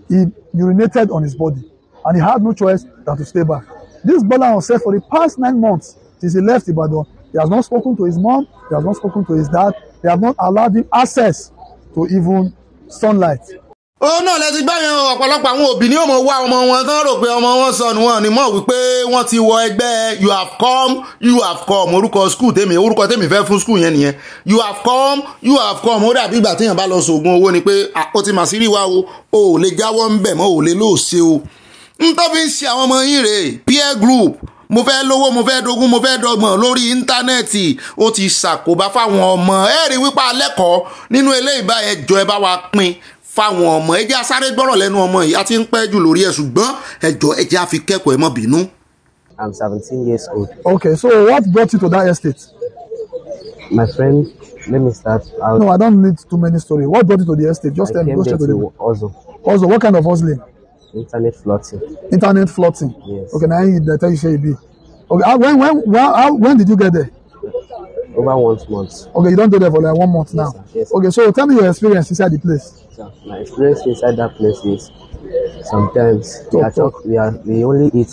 He urinated on his body. And he had no choice than to stay back. This Bola on said for the past nine months since he left Ibadan, he has not spoken to his mom, he has not spoken to his dad, they have not allowed him access to even sunlight òun náà lẹ ti gbá yẹn ọ̀pọ̀lọpọ̀ àwọn òbí ni ó mọ̀ wá ọmọ wọn tán rò pé ọmọ wọn sọnù wọn ni mọ̀ wípé wọ́n ti wọ ẹgbẹ́ you have come you have come orúkọ skul tèmi orúkọ tèmi fẹ́ fún skul yẹn nìyẹn you have come you have come ó dàbí ìgbà téèyàn bá lọ sògùn owó ni pé ó ti mà sí rí wa o ò lè jáwọ́ ń bẹ̀ mọ́ ò lè lóòṣe o n tó fi ń ṣe àwọn ọmọ yín rèé peer group mo fẹ́ lówó mo fẹ́ dogun mo fẹ́ dọgbọ̀n lórí íńtánẹ́ẹ̀tì ó ti ṣàkóbá fáwọn ọmọ ẹ̀rí wípé alẹ́kọ̀ọ́ nínú eléyìí báyẹn jọ ẹ bá wa pín fáwọn ọmọ ẹ jẹ́ asáré gbọ́rọ̀ lẹ́nu ọmọ yìí a ti ń pẹ́ jù lórí ẹ̀ ṣùgbọ́n ẹ ẹ jẹ́ a fi kẹ́kọ̀ọ́ ẹ má bínú. I'm 17 years old. Okay, so what brought you to that estate? My friend, let me start. I'll... No, I don't need too many story. What brought you to the estate? Just tell me. Go straight to the hustle. Hustle. What kind of hustling? Internet flirting. Internet flirting. Yes. Okay, now you tell you say you be. Okay, uh, when when when how, uh, when did you get there? Over one month. Okay, you don't dey there for like one month now. Yes, sir. yes. Okay, so tell me your experience inside the place. Sir, my experience inside that place is sometimes we are talk we are we only eat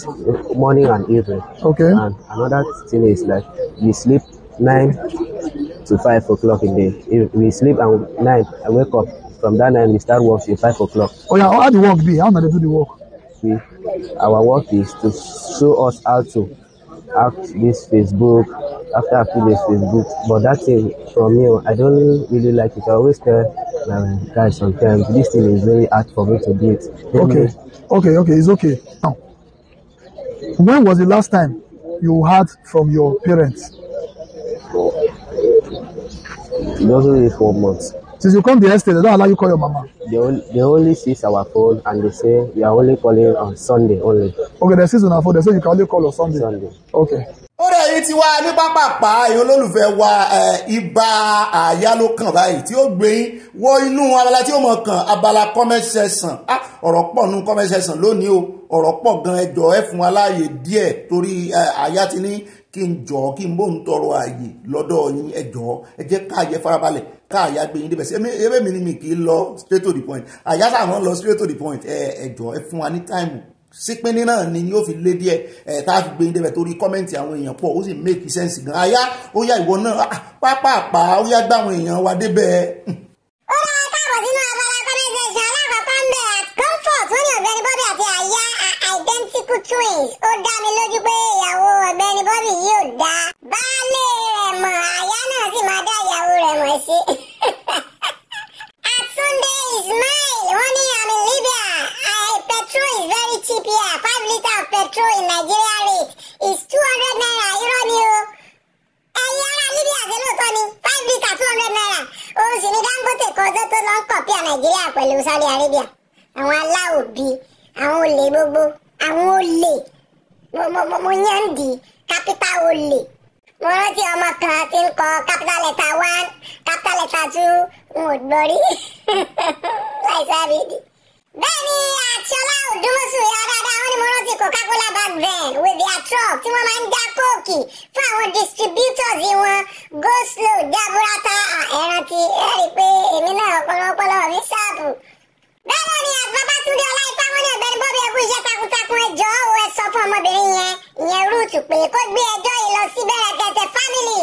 morning and evening. Okay. And another thing is like we sleep nine to five o'clock in the if we sleep and nine I wake up from that nine we start work till five o'clock. Oh yeah, how the work be? How na dey do the work? We our work is to show us how to hacked this Facebook after a few days Facebook. But that thing from me, I don't really like it. I always tell my um, guys sometimes this thing is very hard for me to do it. Okay, okay, okay, it's okay. Now, when was the last time you heard from your parents? It doesn't really four months. Since you come the estate, they don't allow you call your mama. They only, they only see our phone and they say you are only calling on Sunday only. Okay, they see on our phone, they say you can only call on Sunday. Sunday. Okay. ó rẹ̀ yìí ti wá ní pápápá ẹ̀yin olólùfẹ́ wa ibà àyà ló kàn báyìí tí ó gbé yín wọ inú abala tí ó mọ̀ kàn abala comment section ah, ọ̀rọ̀ pọ̀ nù comment section lónìí o ọ̀rọ̀ pọ̀ gan ẹjọ́ ẹ fún wa láàyè díẹ̀ torí ti ní kí n jọ kí n bó ń tọrọ ààyè lọ́dọ̀ yín ẹ jọ ẹ jẹ́ káàyè farabalẹ̀ káàyà gbé yín débẹ̀ sí ẹbẹ̀ mi ni mi kì í lọ straight to the point àyà sàmọ́ lọ straight to the point ẹ ẹ jọ ẹ fún wa ní táìmù sípínní náà ni yóò fi lé díẹ̀ ẹ tá a fi gbé yín débẹ̀ torí kọ́mẹ́ǹtì àwọn èèyàn pọ̀ ó sì make sense gan àyà ó yá ìwọ náà ah, pápá àpá ó yá gbá àwọn èèyàn wa débẹ̀ twins ó dá mi lójú pé ìyàwó ọ̀gbẹ́ni Bobby yóò dá baálé rẹ̀ mọ̀ àyá náà sì máa dá ìyàwó rẹ̀ mọ̀ sí. at Sunday Ismail wọ́n ní I'm in Libya uh, petrol is very cheap here five litre of petrol in Nigeria rate is two hundred naira irọ́ ni o ẹ̀yin ará Libya ṣe lóòótọ́ ni five litre two hundred naira òun sì ni Dangote kan tó tó lọ ń kọ̀ pí à Nàìjíríà pẹ̀lú Saudi Arabia àwọn aláwọ̀ bíi àwọn olè gbogbo àwọn olè mo yàn di capital olè mo rántí ọmọ kan tí ń kọ capital letter one capital letter two n ò gbọ́ rí láìsá rí di. bẹ́ẹ̀ ni àtiọ́lá òdúmọ̀sù ìyá dáadáa wọ́n ní mo rántí coca-cola bag van with their truck tí wọ́n máa ń dá kóòkì fún àwọn distributors wọn go slow jaburata ẹ̀rántí ẹ̀rí pé èmi náà ọpọlọ ọpọlọ mi ṣáàbù. bẹ́ẹ̀ náà ni àgbàbátúndé ọlá kú iṣẹ́ takuntakun ẹjọ́ o ẹ sọ fún ọmọbìnrin yẹn ìyẹn rúùtù pé kó gbé ẹjọ́ yìí lọ sí Bẹ̀rẹ̀kẹ̀tẹ̀ family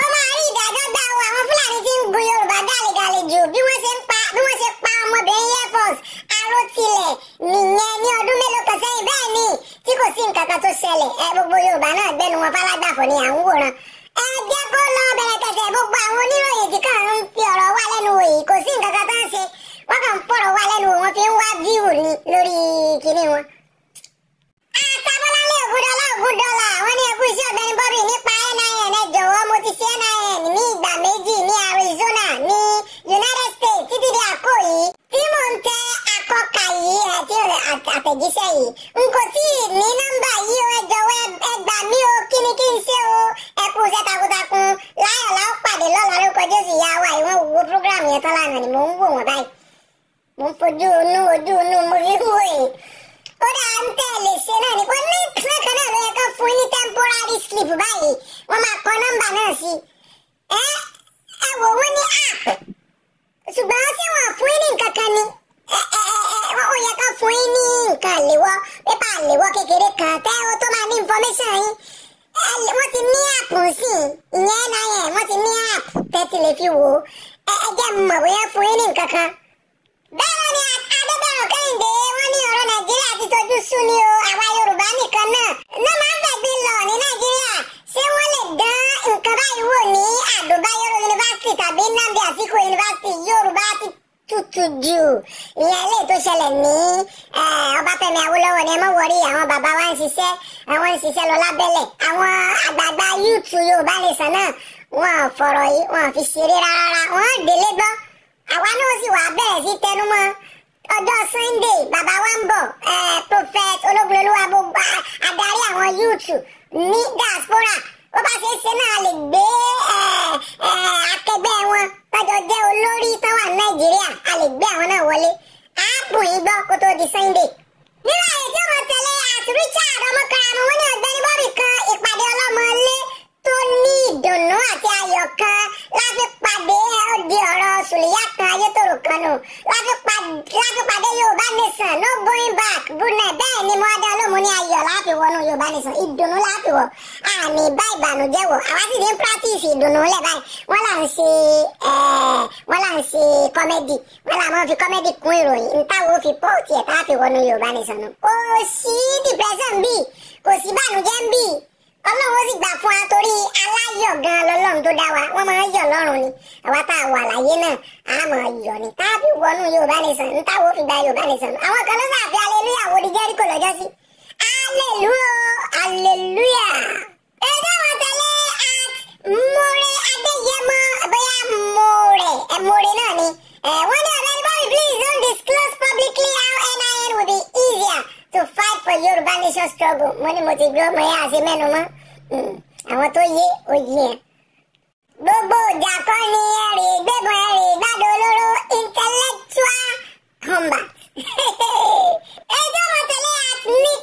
ó máa rí ìdájọ́ gbà o àwọn Fúlàní tí ń bu Yorùbá gàlégàlè jù bí wọ́n ṣe ń pa bí wọ́n ṣe pa ọmọbìnrin Air Force arótilẹ̀ nìyẹn ní ọdún mélòó kan sẹ́yìn bẹ́ẹ̀ ni tí kò sí nǹkan kan tó ṣẹlẹ̀ ẹ gbogbo Yorùbá náà gbẹnu wọn fálágbàfọ̀ ni à ń ẹ jẹ́ kó lọ Bẹ̀rẹ̀kẹ̀tẹ̀ gbogbo àwọn oníròyìn tí kàn ń fi ọ̀rọ̀ wá lẹ́nu wòyí kò sí nǹkan kan tó ń ṣe wọ́n kàn ń fọ̀rọ̀ wá lẹ́nu wọn fi ń wá fíwù ni lórí kinní wọn. àtàbọ̀lálẹ̀ ògùdọ́lá ògùdọ́lá wọ́n ní ẹkú iṣẹ́ ọ̀gbẹ́ni Bobby nípa NIN ẹ jọ̀wọ́ mo ti ṣe NIN ní ìgbà méjì ní Arizona ní United States títí di àpò yìí tí mò ń tẹ akọ́ka yìí àti àtẹ̀jíṣẹ́ yìí n kò tí ì ní nọ́mbà yìí o ẹ jọ̀wọ́ ẹ gbà mí o kí ni kí n ṣe o ẹ kú iṣẹ́ takuntakun láyọ̀ láwọn pàdé lọ́la lórúkọ Jésù ìyá wa ìwọ̀n wo program yẹn tán lánàá ni mò ń wò wọ́n báyìí mo fojú inú ojú inú mo fi ń wòye ó dà ń tẹ̀ lè ṣe náà ní pé ní temporary slip báyìí wọ́n máa kọ nọ́mbà náà sí ẹ ẹ wò wọ́n ní app ṣùgbọ́n ó sì wọ́n fún ní nǹkan kan ni ẹ ẹ ẹ ó yẹ kán fún ní nǹkan àléwọ́ pépà àléwọ́ kékeré kan tẹ́ ó tó máa ní information yín wọ́n ti ní app sí ìyẹn náà yẹn wọ́n ti ní app tẹ́tí lè fi wò ó ẹ ẹ jẹ́ mọ̀ bóyá fún bẹ́ẹ̀ ni adébẹ̀rún kẹ́hìndé wọ́n ní ọ̀rọ̀ nàìjíríà ti tojú sú ni o àwa yorùbá nìkan náà náà máa ń fẹ̀gbẹ́ lọ ní nàìjíríà ṣé wọ́n lè dán nǹkan báyìí wò ní àdùbáyọ̀rọ̀ yunifásitì tàbí nnamdi àsìkò yunifásitì yorùbá ti tútù jù ìyẹn ilé tó ṣẹlẹ̀ ní ọbáfẹ́mi awólọ́wọ̀ ni ẹ mọ̀ wọrí àwọn bàbá wa ń ṣiṣẹ́ àwọn ń ṣiṣẹ́ lọ lábẹ́lẹ̀ àwọn àgbààgbà yúùtù yorùbá nìsan náà wọn fọ̀rọ̀ yìí wọn fi ṣeré rárá wọn délé gbọ́ àwa náà sì wá bẹ̀rẹ̀ sí tẹnumọ́ ọjọ́ sunday bàbá wa ń bọ̀ prophet ológun olúwa gbogbo adarí àwọn youth ní diaspora bó bá ṣe ṣe náà lè gbé akẹgbẹ́ wọn tọ́jọ́ jẹ́ olórí tán wà nàìjíríà a lè gbé àwọn náà wọlé áàpù yìí gbọ́ kó tó di sunday. nínú àyè tí ó mọ̀ tẹ̀lé àti richard ọmọkùnrin àmọ́ wọn ní ọ̀gbẹ́ni nù láti pàdé yorùbá nation no going back brunei bẹ́ẹ̀ ni mo adé olómo ní ayọ̀ láti wọnú yorùbá nation ìdùnnú láti wọ àmì bá ìbànújẹ́ wọ àwa sì ní practice ìdùnnú lẹ̀ báyìí wọ́n là ń ṣe eh, wọ́n là ń ṣe comedy wọ́n là máa fi comedy kún ìròyìn ntáwo fi pọ́ọ̀tì ẹ̀ tá a fi wọnú yorùbá nation kò sí depression bíi kò sí ìbànújẹ́ bíi ọlọ́run ó sì gbà fún wa torí aláyọ̀ gan lọ́lọ́run tó dá wa wọ́n máa ń yọ̀ lọ́rùn ni àwa tá a wà láyé náà a máa yọ̀ ni táàbì wọnú yorùbá nation ní táwọn òfin gba yorùbá nation àwọn kan ló sàfi aleluya wo ni jẹ́ríkò lọ́jọ́ sí aleluya aleluya. ẹgbẹ́ wọn tẹ̀lé at adéyẹmọ bóyá more ẹ náà ni wọ́n ní ọ̀rẹ́ bọ́ọ̀lù please don't disclose publicly how NIN will be easier to fight for Yoruba nation struggle mo ní mo ti gbọ́ mo yá àti mẹ́nu mọ́ àwọn tó yé òye ẹ̀. gbogbo ìjà kan ni ẹ̀rì gbẹ̀bọ̀n ẹ̀rì ìgbàdo olóró intellectual combat. ẹjọ́ mọ̀tẹ́lẹ́ àti nick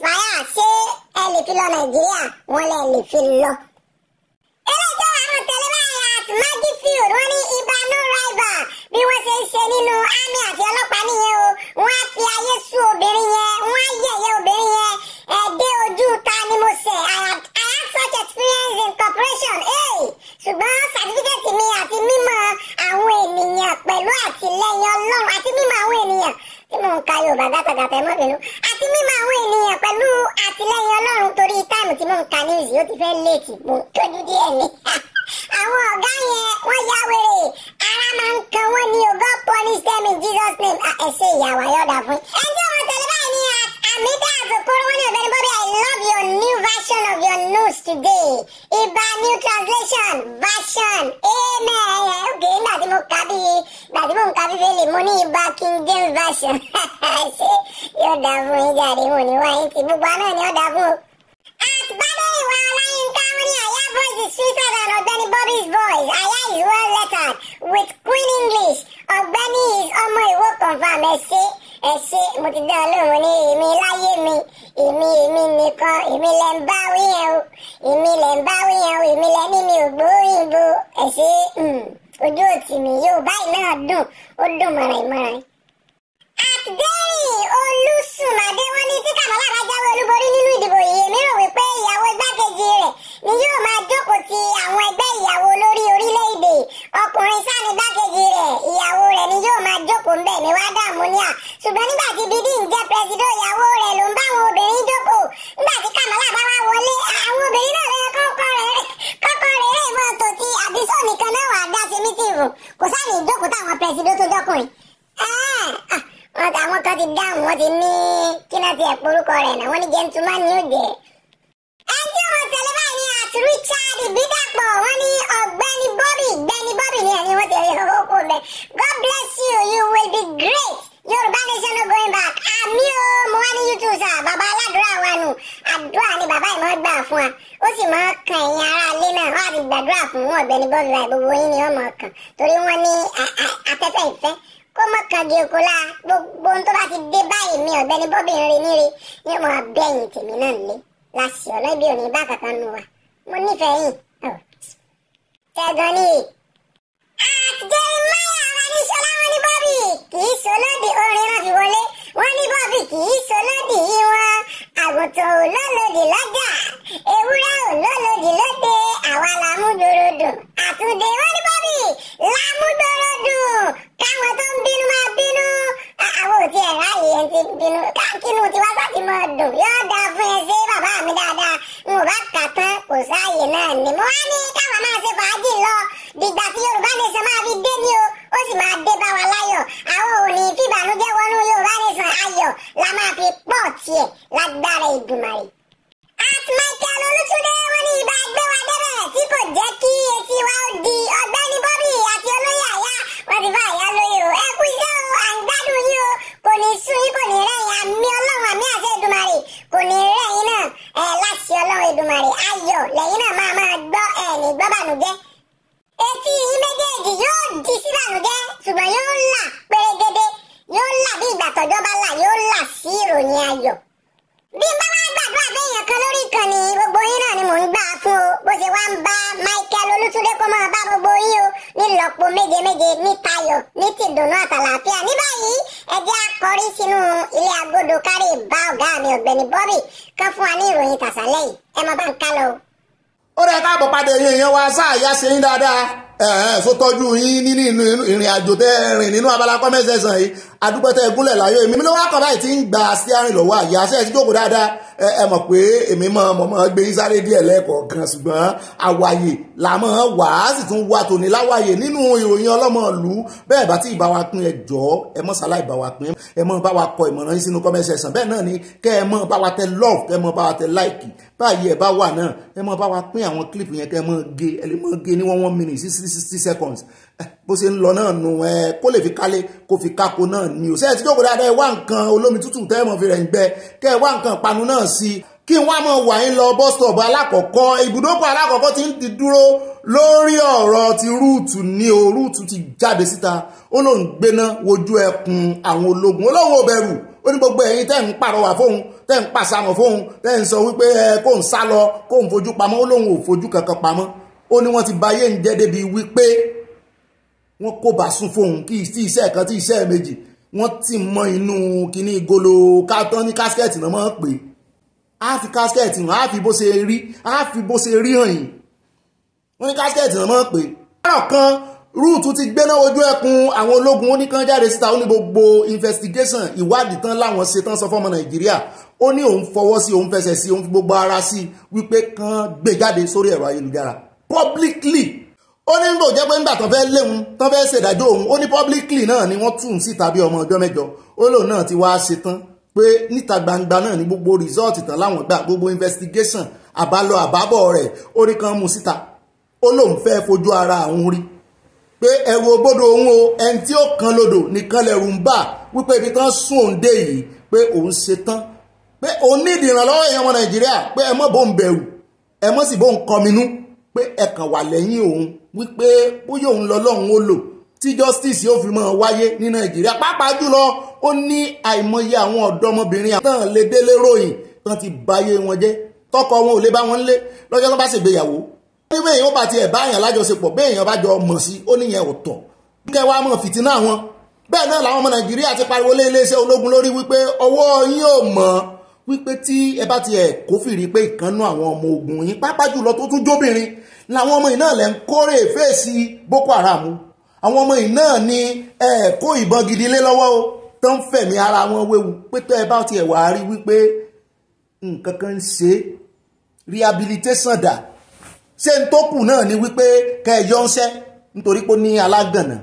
ìspáyà ṣé ẹ lè fi lọ nàìjíríà wọn lè lè fi lọ. eléyìí tó wà mọ̀ tẹ́lẹ̀ báyìí at magic field wọ́n ní ibà rival bí wọ́n ṣe ń ṣe nínú army àti ọlọ́pàá nìyẹn o wọ́n á fi ayé sú obìnrin yẹn wọ́n á yẹ̀yẹ́ obìnrin yẹn ẹ̀ dé ojú ta ni mo ṣe I had such experience in corporation hey! ṣùgbọ́n certificate mi àti mímọ̀ àwọn ènìyàn pẹ̀lú àtìlẹ́yìn ọlọ́run àti mímọ̀ àwọn ènìyàn tí mò ń ka yorùbá gàtàgàtà ẹ mọ́ bínú àti mímọ àwọn ènìyàn pẹ̀lú àtìlẹyìn ọlọ́run torí táìmù tí mò ń ka news yóò ti fẹ́ léètì mò ń tọ́jú díẹ̀ ni. àwọn ọ̀gá yẹn wọ́n ya wèrè ara máa ń kan wọ́n ní o God punish them in Jesus name ẹ ṣe ìyàwó ayọ́dà fún. ẹ jẹ́ wọn tẹ̀lé báyìí ní àmì dáàbò kóró wọn ní ọ̀gbẹ́ni bọ́bí àìlọ́ your news today. bad New Translation, Version, Amen. Okay, Nadi mo kabi, Nadi mo kabi veli, muni Iba King James Version. See, yo davu ni jari muni wa inti, are ni yo davu. At While I'm inka muni, aya voice is sweeter than Ogbeni Bobby's voice. Aya is well lettered with Queen English. Ogbeni is my work confirmed, eh, see. ẹ ṣé mo ti dá ọlọ́run ní èmi láyé mi èmi èmi nìkan èmi lẹ ń bá wí yẹn o èmi lẹ ń bá wí yẹn o èmi lẹ ní mi ò gbóòyìnbó ẹ ṣé hmm, ojú òtì mi yóò báyìí náà dùn ó dùn mọ̀ràn àtìdẹ́rì olùsùnmọ̀dé wọn ní tí Kàmọ́lá bá jáwé olúborí nínú ìdìbò yìí èmi rò wípé ìyàwó igbákejì rẹ̀ ni yóò máa jókòó ti àwọn ẹgbẹ́ ìyàwó olórí orílẹ̀-èdè ọkùnrin sáà ní igbákejì rẹ̀ ìyàwó rẹ̀ ni yóò máa jókòó ń bẹ̀ mí wá dààmú ní à ṣùgbọ́n nígbà tí bídí ń jẹ́ pẹ́sidó ìyàwó rẹ̀ ló ń bá àwọn obìnrin jókòó nígbà tí Kàmọ́lá bá wá wọlé àwọn obìnrin náà lọ́yẹ kọ́kọ́ rẹ̀ kọ́kọ́ rẹ̀ rẹ̀ mọ́ tó ti àbísọ̀ nìkan náà wà á dá sí mítìrù kò sáà ní ìjókòó táwọn pẹ́sidó tó jọ́kùnrin àwọn kan ti dáhùn wọ́n ti ní kí náà ti ẹ̀pọ̀ orúkọ rẹ̀ náà wọ́n ní gẹ́ntúmá ni ó jẹ́. ẹ tí wọn tẹ̀lé báyìí ni àti Richard Bídàpọ̀ wọ́n ní ọ̀gbẹ́ni Bobby gbẹ́ni Bobby ni ẹni wọ́n tẹ̀lé owó mẹ́. God bless you you will be great Yorùbá nation no going back àmì o mo wá ní YouTube sá bàbá aládùúrà wa nù àdúrà ni bàbá ìmọ̀ gbà fún wa ó sì máa ń kan ẹ̀yìn ara ilé náà wọ́n á ti gbàdúrà fún ọ̀gbẹ́ni Bobby gbogbo yín ni wọ́n mọ̀ kàn torí wọ́n ní afẹ́fẹ́ ìfẹ́ kó má kàgé oko la gbogbo ohun tó bá ti dé báyìí mi ọ̀gbẹ́ni bọ́bí ń rí ní rí ni mo bẹ̀yìn tèmi náà lé láti ọ̀lọ́ ibi òní bá kankan nu wa mo nífẹ̀ẹ́ yìí tẹ́gan oh. ni. àtẹ̀rìmáyà wa ní sọlá wọn ní bọ́bí kì í sọ lóde orin náà fi wọlé wọ́n ní bọ́bí kì í ṣolódì wọn àgùntàn ò lọ́lọ́dì lọ́jà ewúrẹ́ ò lọ́lọ́dì lóde àwa làmúdòrodò àtúndé wọ́n ní bọ́bí làmúdòrodò káwọn tó ń bínú máa bínú àwọn ò tiẹ̀ ráàyè ẹ̀ ti bínú kínú tiwa sá ti mọ̀ dùn yóò fún ẹ ṣe bàbá mi dáadáa n bá kà kò sáàyè náà ni mo ní káwọn máa ṣe fàájì lọ dìgbà tí Yorùbá Nation máa fi dé ní o ó sì máa dé bá wa láyọ̀ àwọn ò ní fìbànújẹ́ wọnú Yorùbá Nation ayọ̀ la máa fi pọ̀ tiẹ̀ lágbára Èdùmàrè. àtìmọ́kẹ́ olólùtúndé wọn ni ìbá gbé wa débẹ̀ tí kò jẹ́ kí dáadáa ẹ̀hẹ́n so tọ́jú yín nínú ìrìn àjò tẹ́ rìn nínú abala kọ́mẹ́sẹ̀sán yìí adúpẹ́tẹ́ gúnlẹ̀ láyé mi ló wá kọ́ báyìí ti ń gba sí àrìn lọ́wọ́ àyè àṣẹ ìjókòó dáadáa ẹ mọ̀ pé èmi máa mọ̀ máa gbé yín sáré díẹ̀ lẹ́ẹ̀kọ̀ọ̀kan ṣùgbọ́n àwàyè là máa wà á sì tún wà tòní láwàyè nínú ìròyìn ọlọ́mọlú bẹ́ẹ̀ bá tí ì wa pín ẹ jọ ẹ mọ̀ sáláì bá wa pín ẹ mọ̀ bá wa kọ ìmọ̀ràn yín sínú kọ́mẹ́sẹ̀ sàn bẹ́ẹ̀ náà ni kẹ́ ẹ mọ̀ bá wa tẹ love kẹ́ ẹ mọ̀ bá wa tẹ like báyìí ẹ bá wà náà ẹ mọ̀ bá wa pín àwọn clip yẹn kẹ́ ẹ mọ̀ gé ẹ lè mọ̀ gé ní one one minute sixty sixty seconds bó ṣe ń lọ náà nù ẹ kó lè fi kálé kó fi káko náà ni ò sẹ́yìn tí jókòó dáadáa ẹ wá nǹkan olómi tútù tẹ́ ẹ mọ̀ fi rẹ̀ ń gbẹ kẹ́ ẹ wá nǹkan ìpanu náà sí i kí n wá mọ̀ wà ń lọ bus stop alákọ̀ọ́kọ́ ibùdókọ̀ alákọ̀ọ́kọ́ ti ń ti dúró lórí ọ̀rọ̀ ti rúùtù ní o rúùtù ti jáde síta ó lóun gbéná wojú ẹkùn àwọn ológun olóhùn ò bẹ̀rù ó ní gbogbo ẹ̀yin tẹ́ ń pàrọwà fóun tẹ́ ń pàṣàmọ̀ fóun tẹ́ ń sọ wípé ẹ kó ń sá lọ kó ń fojú pamọ́ ó lóun ò fojú kankan pamọ́ ó ní wọ́n ti bayé ń jẹ́ débi wípé wọ́n kó bá sún fóun kí tí iṣẹ́ kan tí iṣẹ́ méjì wọ́n ti mọ inú kíní golo kátán ní kásikẹ́ẹ̀tì náà máa ń pè á fi kásikẹ́ẹ̀tì hàn á fi bó ṣe rí á fi bó ṣe rí hàn yìí wọ́n ní kásikẹ́ẹ̀tì náà máa ń pè. lọ́rọ̀ kan rúùtù ti gbéná ojú ẹkùn àwọn ológun ó jáde síta ó ní gbogbo investigation ìwádìí tán láwọn ṣe tán sọ fọ́mọ nàìjíríà ó ní òun fọwọ́ sí òun fẹsẹ̀ sí òun fi gbogbo ara sí wípé kan gbé jáde sórí ẹ̀rọ ayélujára publicly ó ní lò jẹ́ pé ńgbà tán fẹ́ léwu tán fẹ́ ṣèdájọ́ òun ó ní publicly náà ni wọ́n tún síta bí ọmọ ọjọ́ mẹ́jọ ó lòun náà ti wá ṣetán pé níta gbangba náà ni gbogbo result tán láwọn gbà gbogbo investigation àbálọ àbábọ̀ rẹ̀ ó ní kan mú síta ó lòun fẹ́ fojú ara àwọn rí pé ẹ wo bódò òun o ẹni tí ó kan lodò nìkan lẹ̀rù ń bà wípé ibi tán sún òun dé yìí pé òun ṣetán pé òun nídìí ìrànlọ́wọ́ èèyàn ọmọ Nàìjíríà pé ẹ mọ̀ bóun bẹ̀rù ẹ mọ̀ sì bóun kọminú pé ẹ̀kàn wà lẹ́yìn òun wípé bóyá òun lọ́lọ́run ó lò tí justice yóò fi máa wáyé ní nàìjíríà pàápàá jùlọ ó ní àìmọye àwọn ọ̀dọ́mọbìnrin náà lè délé ròyìn tán ti báyé wọn jẹ́ tọkọ wọn ò lè bá wọn lé lọ́jọ́ tó bá ṣègbéyàwó nígbà èèyàn bá tiẹ̀ báyàn lájọṣepọ̀ béèyàn bá jọ mọ̀ sí ó níyẹn ò tọ́ kẹ́ wàá mọ̀ fìtínà wọn bẹ́ẹ̀ náà làwọn ọmọ nàìjíríà ti pariwo lé iléeṣẹ́ ológun lórí wípé ọwọ́ yín mọ̀ wípé tí ẹ bá ti ẹ̀ kófìrí pé ìkànnú àwọn ọmọ ogun yín pápá jùlọ tó tún jóbìnrin làwọn ọmọ yìí náà lẹ́ ń kórè fèsì Boko Haram àwọn ọmọ yìí náà ni ẹ kó ìbọn gidi lé lọ́wọ́ o tó ń fẹ̀mí ara wọn wéwu pé tó ẹ bá ti ẹ̀ wàá rí wípé nǹkan kan ń ṣe rehabilitation dà ṣé n tó kù náà ni wípé kẹ́ ẹ yọ ń ṣẹ́ nítorí pé ó ní alágànnà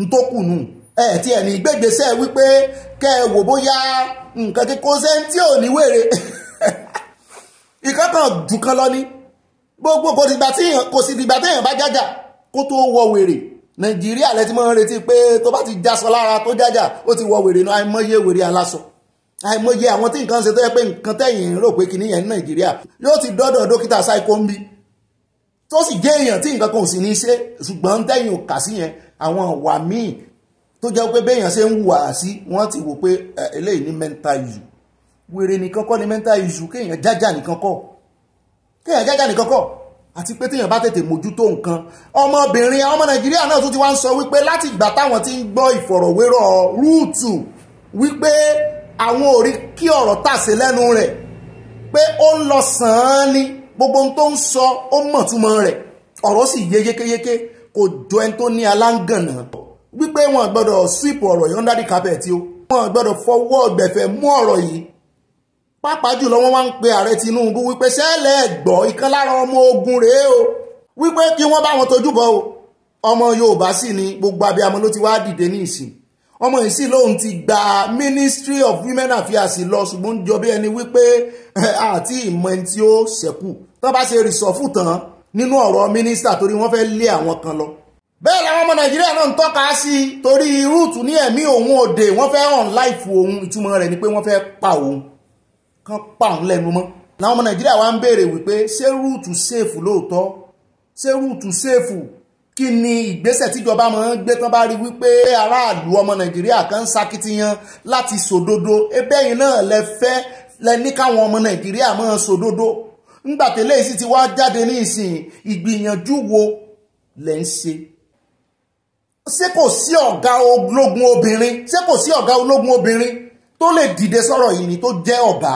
n tó kù nù ẹ ti ẹ̀ ní gbégbèsè wípé kẹ́ ẹ wò bóyá nǹkan kíkó sẹ́ńtì ò ní wèrè ìkọ́kàn jù kan lọ Ni, gbogbo kò sì dìgbà téèyàn bá jájà kó tó wọ wèrè nàìjíríà lẹ ti máa ń retí pé tó bá ti jásọ lára tó jájà ó ti wọ wèrè náà àìmọye wèrè aláṣọ àìmọye àwọn tí nǹkan ṣe tó yẹ pé nǹkan tẹ̀yìn rò pé kìíní yẹn ní nàìjíríà yóò ti dọ́dọ̀ dókítà sáíkó ń bí tó sì jẹ́ èèyàn tí nǹkan kan ò sì ní ṣe ṣùgbọ́n tẹ̀yìn ò kà sí yẹn àwọn ìwà míì tó jẹ́ pé béèyàn ṣe ń wà sí wọ́n ti wò pé eh, eléyìí ní mental issue wèrè nìkan kọ́ ni mental issue kéèyàn jájà nìkan kọ́ kéèyàn jájà nìkan kọ́ àti pé téèyàn bá tètè mójútó nǹkan ọmọbìnrin ọmọ nàìjíríà náà tún ti wá ń sọ wípé láti ìgbà táwọn ti ń gbọ́ ìfọ̀rọ̀wérọ̀ rúùtù wípé àwọn ò rí kí ọ̀rọ̀ tàsé lẹ́nu rẹ̀ pé ó ń lọ sàn án ni gbogbo ohun tó ń sọ ó mọ̀túmọ̀ rẹ̀ ọ̀rọ̀ sì yé yékéyéké kò jọ ẹni tó ní aláǹgànà wípé wọn gbọ́dọ̀ sípò ọ̀rọ̀ yìí under the carpet o wọn gbọ́dọ̀ fọwọ́ gbẹ̀fẹ̀ mú ọ̀rọ̀ yìí pàápàá jùlọ wọn wá ń pe ààrẹ Tinubu wípé sẹ́ẹ̀lẹ̀ gbọ́ ìkan lára ọmọ ogun rèé o wípé kí wọ́n bá wọn tojú bọ o ọmọ Yorùbá sì ni gbogbo abiyamọ ló ti wá dìde ní ìsìn ọmọ yìí sì lóun ti gba Ministry of Women Affairs lọ ṣùgbọ́n jọ bí ẹni wípé àti eh, ìmọ̀ ẹni tí ó ṣẹ̀kù tó bá ṣe rìsọ̀fù tán nínú ọ̀rọ̀ mínísítà torí wọ́n fẹ́ lé àwọn kan lọ bẹ́ẹ̀ làwọn ọmọ nàìjíríà náà ń tọ́ka sí i torí rúùtù ní ẹ̀mí òun òde wọ́n fẹ́ hàn láìfù òun ìtumọ̀ rẹ̀ ni pé wọ́n fẹ́ pa òun kán pa òun lẹ́nu mọ́ làwọn ọmọ nàìjíríà wa ń béèrè wípé ṣé rúùtù sèfù lóòótọ́ ṣé rúùtù sèfù kí ni ìgbésẹ̀ tíjọba máa ń gbé tán bá rí wípé aráàlú ọmọ nàìjíríà kan ń sakitiyan láti sòdodo ebẹ́yìn náà lẹ fẹ́ lẹ ní káwọn ọmọ nàìjíríà máa sòdodo ńgbàtẹ́lẹ́yìí sì ti wá jáde ní ìsìn ìgbìyànjú wo lẹ́ ń ṣe ṣé kò sí ọ̀gá ológun obìnrin ṣé kò sí ọ̀gá ológun obìnrin tó lè dìde sọ̀rọ̀ yìí ni tó jẹ́ ọ̀gá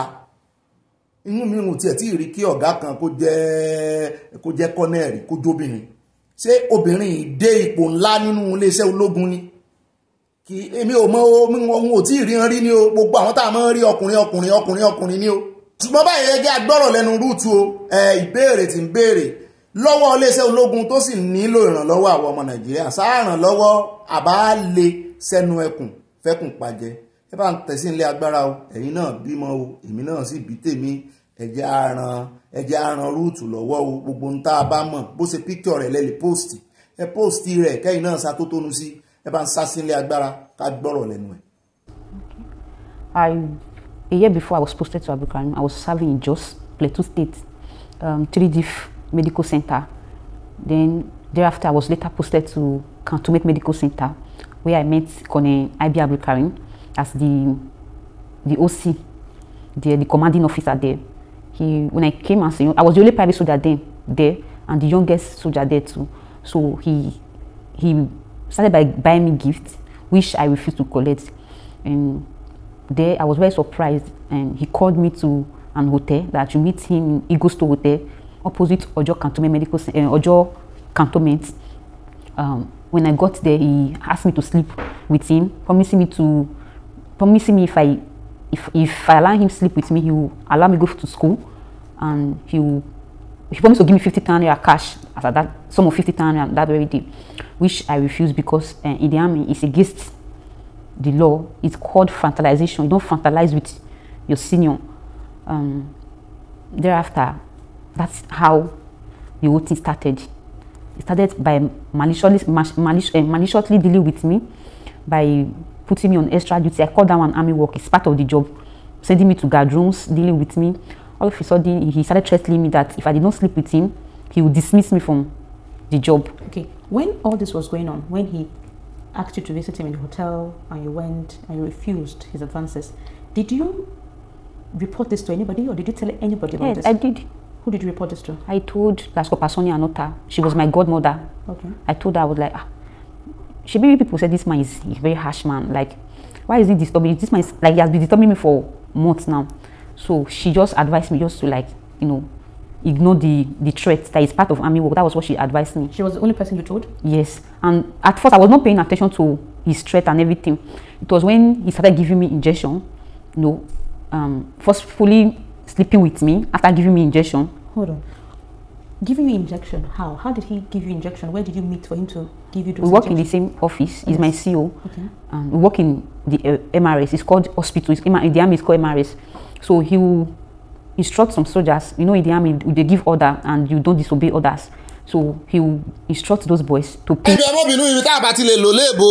inú mi ò tiẹ̀ tí ì rí kí ọ̀gá kan kó jẹ́ kó jẹ́ kọ́nẹ́ẹ̀rì kó jóbìnrin ṣé obìnrin yìí dé ipò ńlá nínú iléeṣẹ́ ológun ni kì èmi ò mọ ohun ò tí ì rí hàn rí ni o gbogbo àwọn tá a máa ń rí ọkùnrin ọkùnrin ọkùnrin ọkùnrin ni o ṣùgbọ́n báyìí ẹgbẹ́ agbọ́rọ̀ lẹ́nu rúùtù o ìbéèrè tí ń béèrè lọ́wọ́ iléeṣẹ́ ológun tó sì nílò ìrànlọ́wọ́ àwọn ọmọ nàìjíríà sáàrànlọ́wọ́ àbá sẹ́nu ẹkùn fẹ́kùn pàjẹ́ ẹ bá ń tẹ̀sí ilé agbára o ẹ̀yin náà bímọ o èmi náà sì bí tèmi ẹ̀jẹ̀ àràn ẹ̀jẹ̀ àràn rúùtù lọ́wọ́ o gbogbo ń tá a bá mọ̀ bó ṣe píkítọ̀ rẹ̀ lẹ́lẹ̀ póòstì ẹ póòstì rẹ̀ kẹ́yìn náà sa tó tónu sí ẹ bá ń sá sí ilé agbára ká gbọ́rọ̀ lẹ́nu ẹ̀. I a year before I was posted to Abdulkarim I was serving in Jos Plateau State um, three diff medical center. Then thereafter, I was later posted to Kantumet Medical Center, where I met Koné Ibi Abdul as the the OC, the, the commanding officer there. He, when I came as I was the only private soldier then, there, and the youngest soldier there too. So he he started by buying me gifts, which I refused to collect. And there, I was very surprised. And he called me to an hotel that I meet him in Igosto Hotel opposite Ojo Cantonment Medical uh, Ojo Cantonment. Um, when I got there, he asked me to sleep with him, promising me to, promising me if I, if, if I allow him sleep with me, he will allow me go to school, and he will, he promised to give me fifty thousand naira cash as at that sum of fifty thousand naira that very day, which I refused because uh, in the army it's against the law. It's called fraternization. You don't fraternize with your senior. Um, thereafter, that's how the whole thing started. It started by maliciously, maliciously, eh, maliciously dealing with me, by putting me on extra duty. I called that one army work. It's part of the job. Sending me to guard rooms, dealing with me. All of a sudden, he started threatening me that if I did not sleep with him, he would dismiss me from the job. Okay. When all this was going on, when he asked you to visit him in the hotel and you went and you refused his advances, did you report this to anybody or did you tell anybody about yes, this? I did. Who did you report this to? I told Lasco Pasoni Anota. She was my godmother. Okay. I told her I was like, ah. She maybe people said this man is a very harsh man. Like, why is he disturbing? This man is like he has been disturbing me for months now. So she just advised me just to like, you know, ignore the the threat that is part of army work. That was what she advised me. She was the only person you told? Yes. And at first I was not paying attention to his threat and everything. It was when he started giving me injection, you know, um, forcefully sleeping with me after giving me injection. Hold on. Giving you injection? How? How did he give you injection? Where did you meet for him to give you those We work in the same office. He's yes. my CEO. Okay. we work in the uh, MRS. It's called hospital. It's, in the army, it's called MRS. So he will instruct some soldiers. You know, in the army, they give order and you don't disobey orders. so he will instruct those boys to pay. ẹjọ́ ọmọbìnrin ibi tá a bá ti lè lò léèbó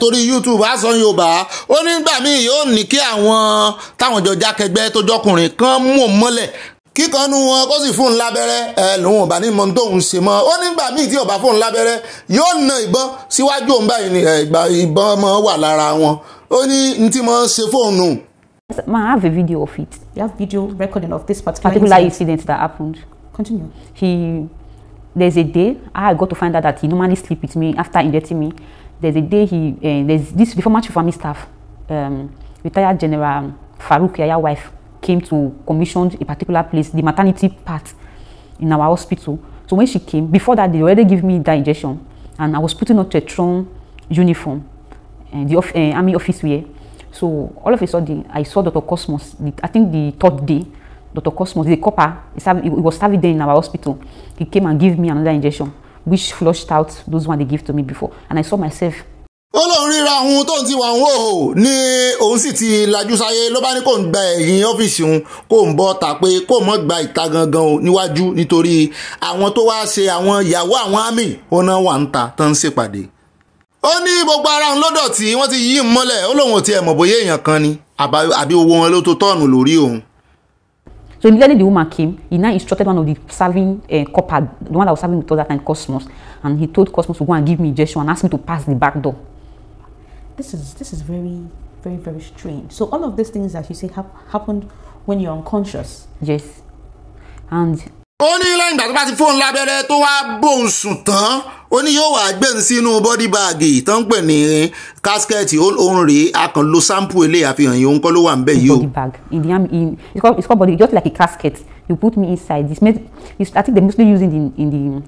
torí youtube asan yorùbá ó nígbà míì yóò ní kí àwọn táwọn jọ jákẹgbẹ́ tó jọkùnrin kan mú òun mọ́lẹ̀ kíkanú wọn kó sì fóun lábẹ́rẹ́ ẹ lòun ò bá ní mọ tóun ṣe mọ́ ó nígbà míì tí ò bá fóun lábẹ́rẹ́ yóò na ìbọn síwájú òun báyìí ni ìbọn ọmọ wà lára wọn ó ní ní tí mo ṣe fóun ma I have a video of it. you have video recording of this particular, particular incident. incident that happened. continue. he there's a day I got to find out that he normally sleep with me after injecting me. There's a day he uh, there's this the former chief army staff, um, retired General Farouk Yaya wife came to commission a particular place, the maternity part in our hospital. So when she came, before that they already gave me that injection, and I was putting on tetron uniform, and eh, the uh, army office wear. So all of a sudden I saw Dr. Cosmos. The, I think the third day Dr. Cosmos, he's copper. He was serving there in our hospital. He came and gave me another injection, which flushed out those one they gave to me before. And I saw myself. ó ríra ohun tóun ti wà ń wò ó ní òun sì ti lajú sáyé ló bá ní kó ń gba ẹ̀yìn ọ́fíìsì òun kó ń bọ́ ta pé kó mọ̀ gba ìta gangan o níwájú nítorí àwọn tó wá ṣe àwọn ìyàwó àwọn àmì òun wà ń ta tó ń ṣèpàdé. ó ní gbogbo ara òun lọ́dọ̀ tí wọ́n ti yí mọ́lẹ̀ ó lóun ò mọ̀ bóyá èèyàn kan ni àbí owó wọn ló tó tọ́ọ̀nù lórí òun. So immediately the woman came, he now instructed one of the serving uh, eh, copper, the one that was serving with us that time, Cosmos, and he told Cosmos to go and give me injection and ask me to pass the back door. This is this is very very very strange. So all of these things that you say have happened when you're unconscious. Yes, and ó ní lẹ́yìn ìgbà tó bá ti fóun lábẹ́rẹ́ tó wá bóun sùn tán ó ní yóò wá gbẹ̀n sínú bọ́dí báàgì tó ń pè ní kásikẹ́ẹ̀tì òun rèé akàn lo sampo eléyà àfihàn yìí òun kọ́ ló wà ń bẹ̀ yìí o. body bag it's called, it's called body just like a casket you put me inside it's made it's, I think they mostly use it in, in the uh,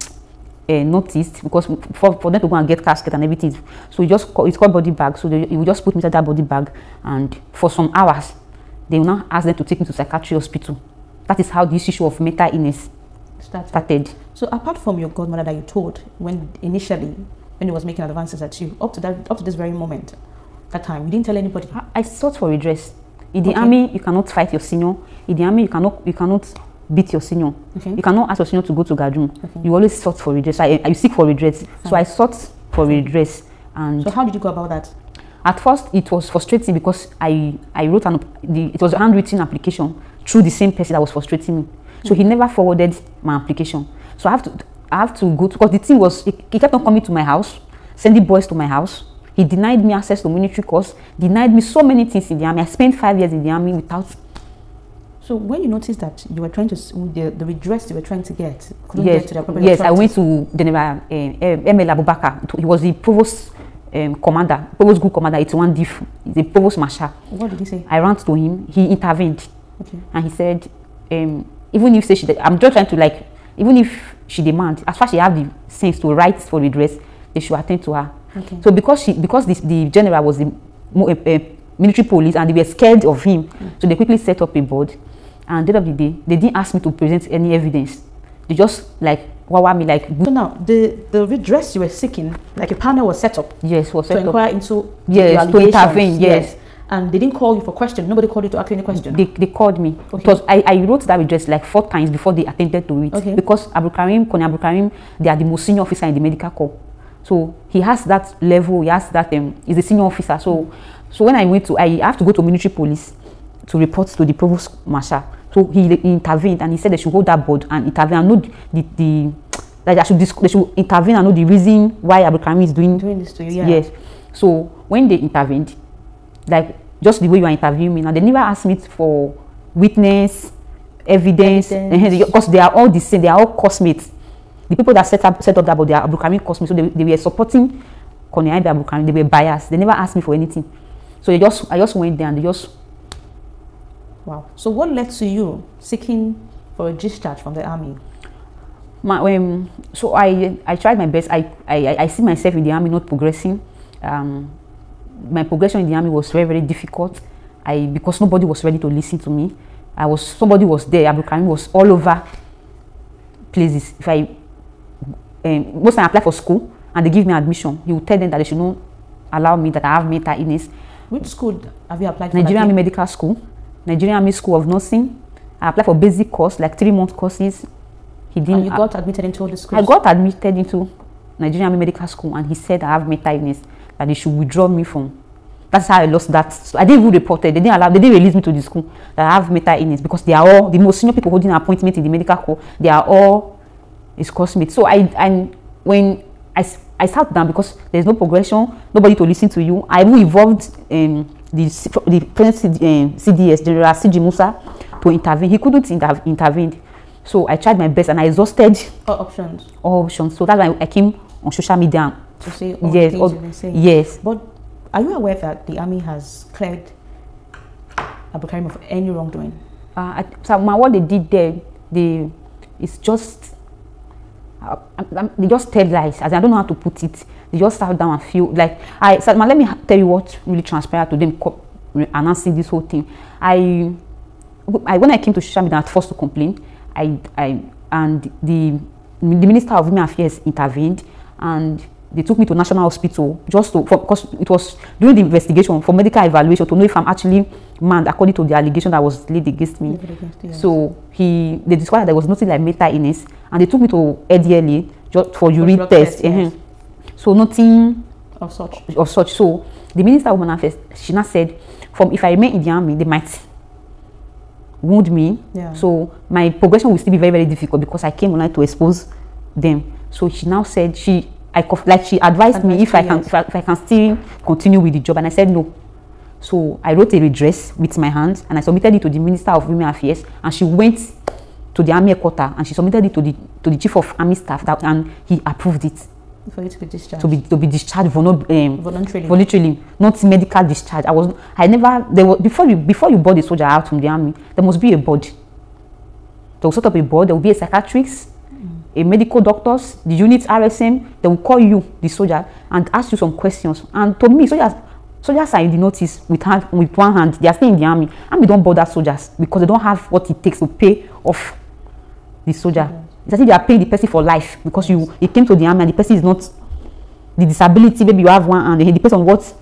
eh, noticed because for, for them to go and get casket and everything so you just call, it's called body bag so they, you just put me inside that body bag and for some hours they now ask them to take me to psychiatry hospital that is how this issue of mental illness started. started. So apart from your godmother that you told when initially when he was making advances at you, up to that up to this very moment, that time you didn't tell anybody. I, I sought for redress. In the okay. army, you cannot fight your senior. In the army, you cannot you cannot beat your senior. Okay. You cannot ask your senior to go to Gajun. Okay. You always sought for redress. I, you seek for redress. So I sought for redress. And so how did you go about that? At first, it was frustrating because I I wrote an the, it was a handwritten application through the same person that was frustrating me. So he never forwarded my application. So I have to I have to go to because the thing was he, kept on coming to my house, sending boys to my house. He denied me access to military course, denied me so many things in the army. I spent five years in the army without so when you noticed that you were trying to the, the redress you were trying to get couldn't yes, get to the appropriate yes, practice. I went to General Um, eh, eh, Emel Abubakar. He was the provost um, commander, provost group commander. It's one diff. The provost marshal. What did he say? I ran to him. He intervened, okay. and he said, um, even if say she i'm just trying to like even if she demands, as far as she have the sense to write for redress, they should attend to her okay. so because she because the, the general was the uh, military police and they were scared of him mm. so they quickly set up a board and at the end of the day they didn't ask me to present any evidence they just like wow me like so now the the redress you were seeking like a panel was set up yes was set to inquire into yes to intervene yes. yes and they didn't call you for question. Nobody called you to ask any question. They, they called me. Okay. I, I wrote that address like four times before they attended to it. Okay. Because Abu Karim, Kone Abu Karim, they are the most senior officer in the medical corps. So he has that level, he has that, um, he's a senior officer. So so when I went to, I have to go to military police to report to the provost marshal. So he, he intervened and he said they should hold that board and intervene and know the, the, that they should, they should intervene and know the reason why Abu Karim is doing, doing this to you. Yeah. Yes. So when they intervened, like just the way you are interviewing me now they never ask me for witness evidence because eh, they are all the same they are all cosmates the people that set up set up that but they are abukami cosmates so they, they were supporting Konya abu abukami they were biased they never asked me for anything so they just i just went there and they just wow so what led to you seeking for a discharge from the army my um, so i i tried my best i i i see myself in the army not progressing um my progression in the army was very very difficult. I because nobody was ready to listen to me. I was somebody was there. I was all over places. If I um, most time I apply for school and they give me admission, he would tell them that they should not allow me that I have mental illness. Which school have you applied for? Nigerian Army Medical School, Nigerian Army School of Nursing. I applied for basic course, like three month courses. He didn't. And you got admitted into all the schools. I got admitted into Nigerian Army Medical School, and he said I have mental illness. and they should withdraw me from that's how I lost that so I didn't even report it they didn't allow they didn't release me to the school that I have mental illness because they are all the most senior people holding an appointment in the medical corps they are all his classmates so I and when I I sat down because there's no progression nobody to listen to you I even involved um, the the present CDS um, General CG Musa to intervene he couldn't have intervened. so I tried my best and I exhausted all options all options so that's why I came on social media to say oh, yes, oh, Yes. But are you aware that the army has cleared Abukarim of any wrongdoing? Uh, I, so what they did there, they it's just uh, they just tell lies. As I don't know how to put it. They just sat down and feel like I. Salma, let me tell you what really transpired to them announcing this whole thing. I, I when I came to social I at first to complain, I, I and the the minister of women affairs intervened and they took me to national hospital just to because it was during the investigation for medical evaluation to know if i'm actually manned according to the allegation that was laid against me yes. so he they discovered there was nothing like in it, and they took me to edla just for urine for test, test uh-huh. yes. so nothing of such of such so the minister of human she now said from if i remain in the army they might wound me yeah. so my progression will still be very very difficult because i came online to expose them so she now said she I like she advised me if I can if I, if I can still continue with the job, and I said no. So I wrote a redress with my hand and I submitted it to the Minister of Women Affairs, and she went to the army quarter and she submitted it to the to the chief of army staff that, and he approved it for you to be discharged to be to be discharged um, voluntarily voluntarily not medical discharge i was i never there was before you before you board the soldier out from the army there must be a board There will sort of a board there will be a psychiatrist a medical doctors, the unit RSM, they will call you, the soldier, and ask you some questions. And to me, soldiers, soldiers are in the notice with, hand, with one hand. They are still in the army. Army don't bother soldiers because they don't have what it takes to pay off the soldier. It's as if they are paying the person for life because you, you came to the army and the person is not, the disability, maybe you have one hand, it depends on what.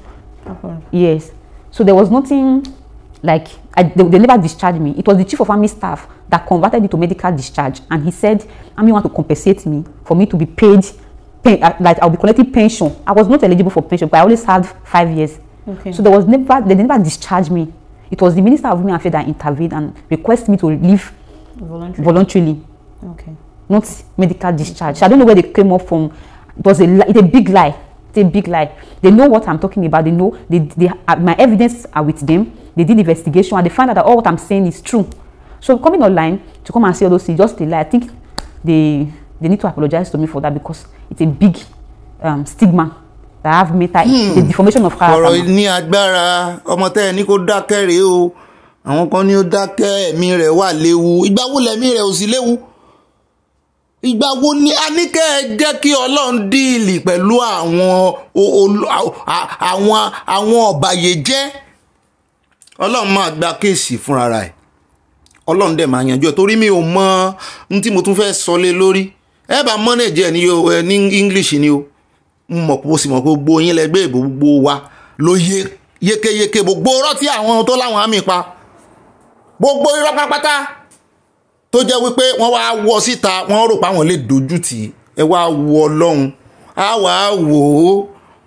Yes. So there was nothing like I, they, they never discharged me it was the chief of army staff that converted it to medical discharge and he said army want to compensate me for me to be paid pay, uh, like i'll be collecting pension i was not eligible for pension but i only served five years okay. so there was never they never discharged me it was the minister of women affairs that intervened and requested me to leave voluntarily, voluntarily okay. not medical discharge so i don't know where they came up from it was a, it's a big lie say big lie they know what i'm talking about they know they, they uh, my evidence are with them they did investigation and they find out that all what i'm saying is true so coming online to come and say all those things just a lie i think they they need to apologize to me for that because it's a big um, stigma that I've have mental hmm. the deformation of her. ọ̀rọ̀ ní agbára ọmọ tẹ́ ẹ ní o àwọn kan ní ó dákẹ́ ẹ̀mí rẹ̀ wà léwu ìgbà wo lẹ̀mí rẹ̀ ò sí léwu ìgbà wo ni a ní kẹ́ ẹ jẹ́ kí ọlọ́run díìlì pẹ̀lú àwọn àwọn àwọn ọ̀bàyéjẹ́ ọlọ́run máa gba kéèsì fúnra rẹ̀ ọlọ́run dẹ̀ máa yanjú ẹ̀ torí mi ò mọ ohun tí mo tún fẹ́ sọ lé lórí ẹ bá mọ́nẹ̀jẹ̀ ní english ni o mo mọ̀ pé mo sì mọ̀ pé gbogbo yín lẹgbẹ́ gbogbo wa ló yé yékéyéké gbogbo irọ́ tí àwọn tó láwọn àmì pa gbogbo irọ́ pátápátá tó jẹ́ wípé wọ́n wá wọ síta wọ́n rò pé àwọn lè dojú tì í ẹ wá wo ọlọ́run á wà á wò ó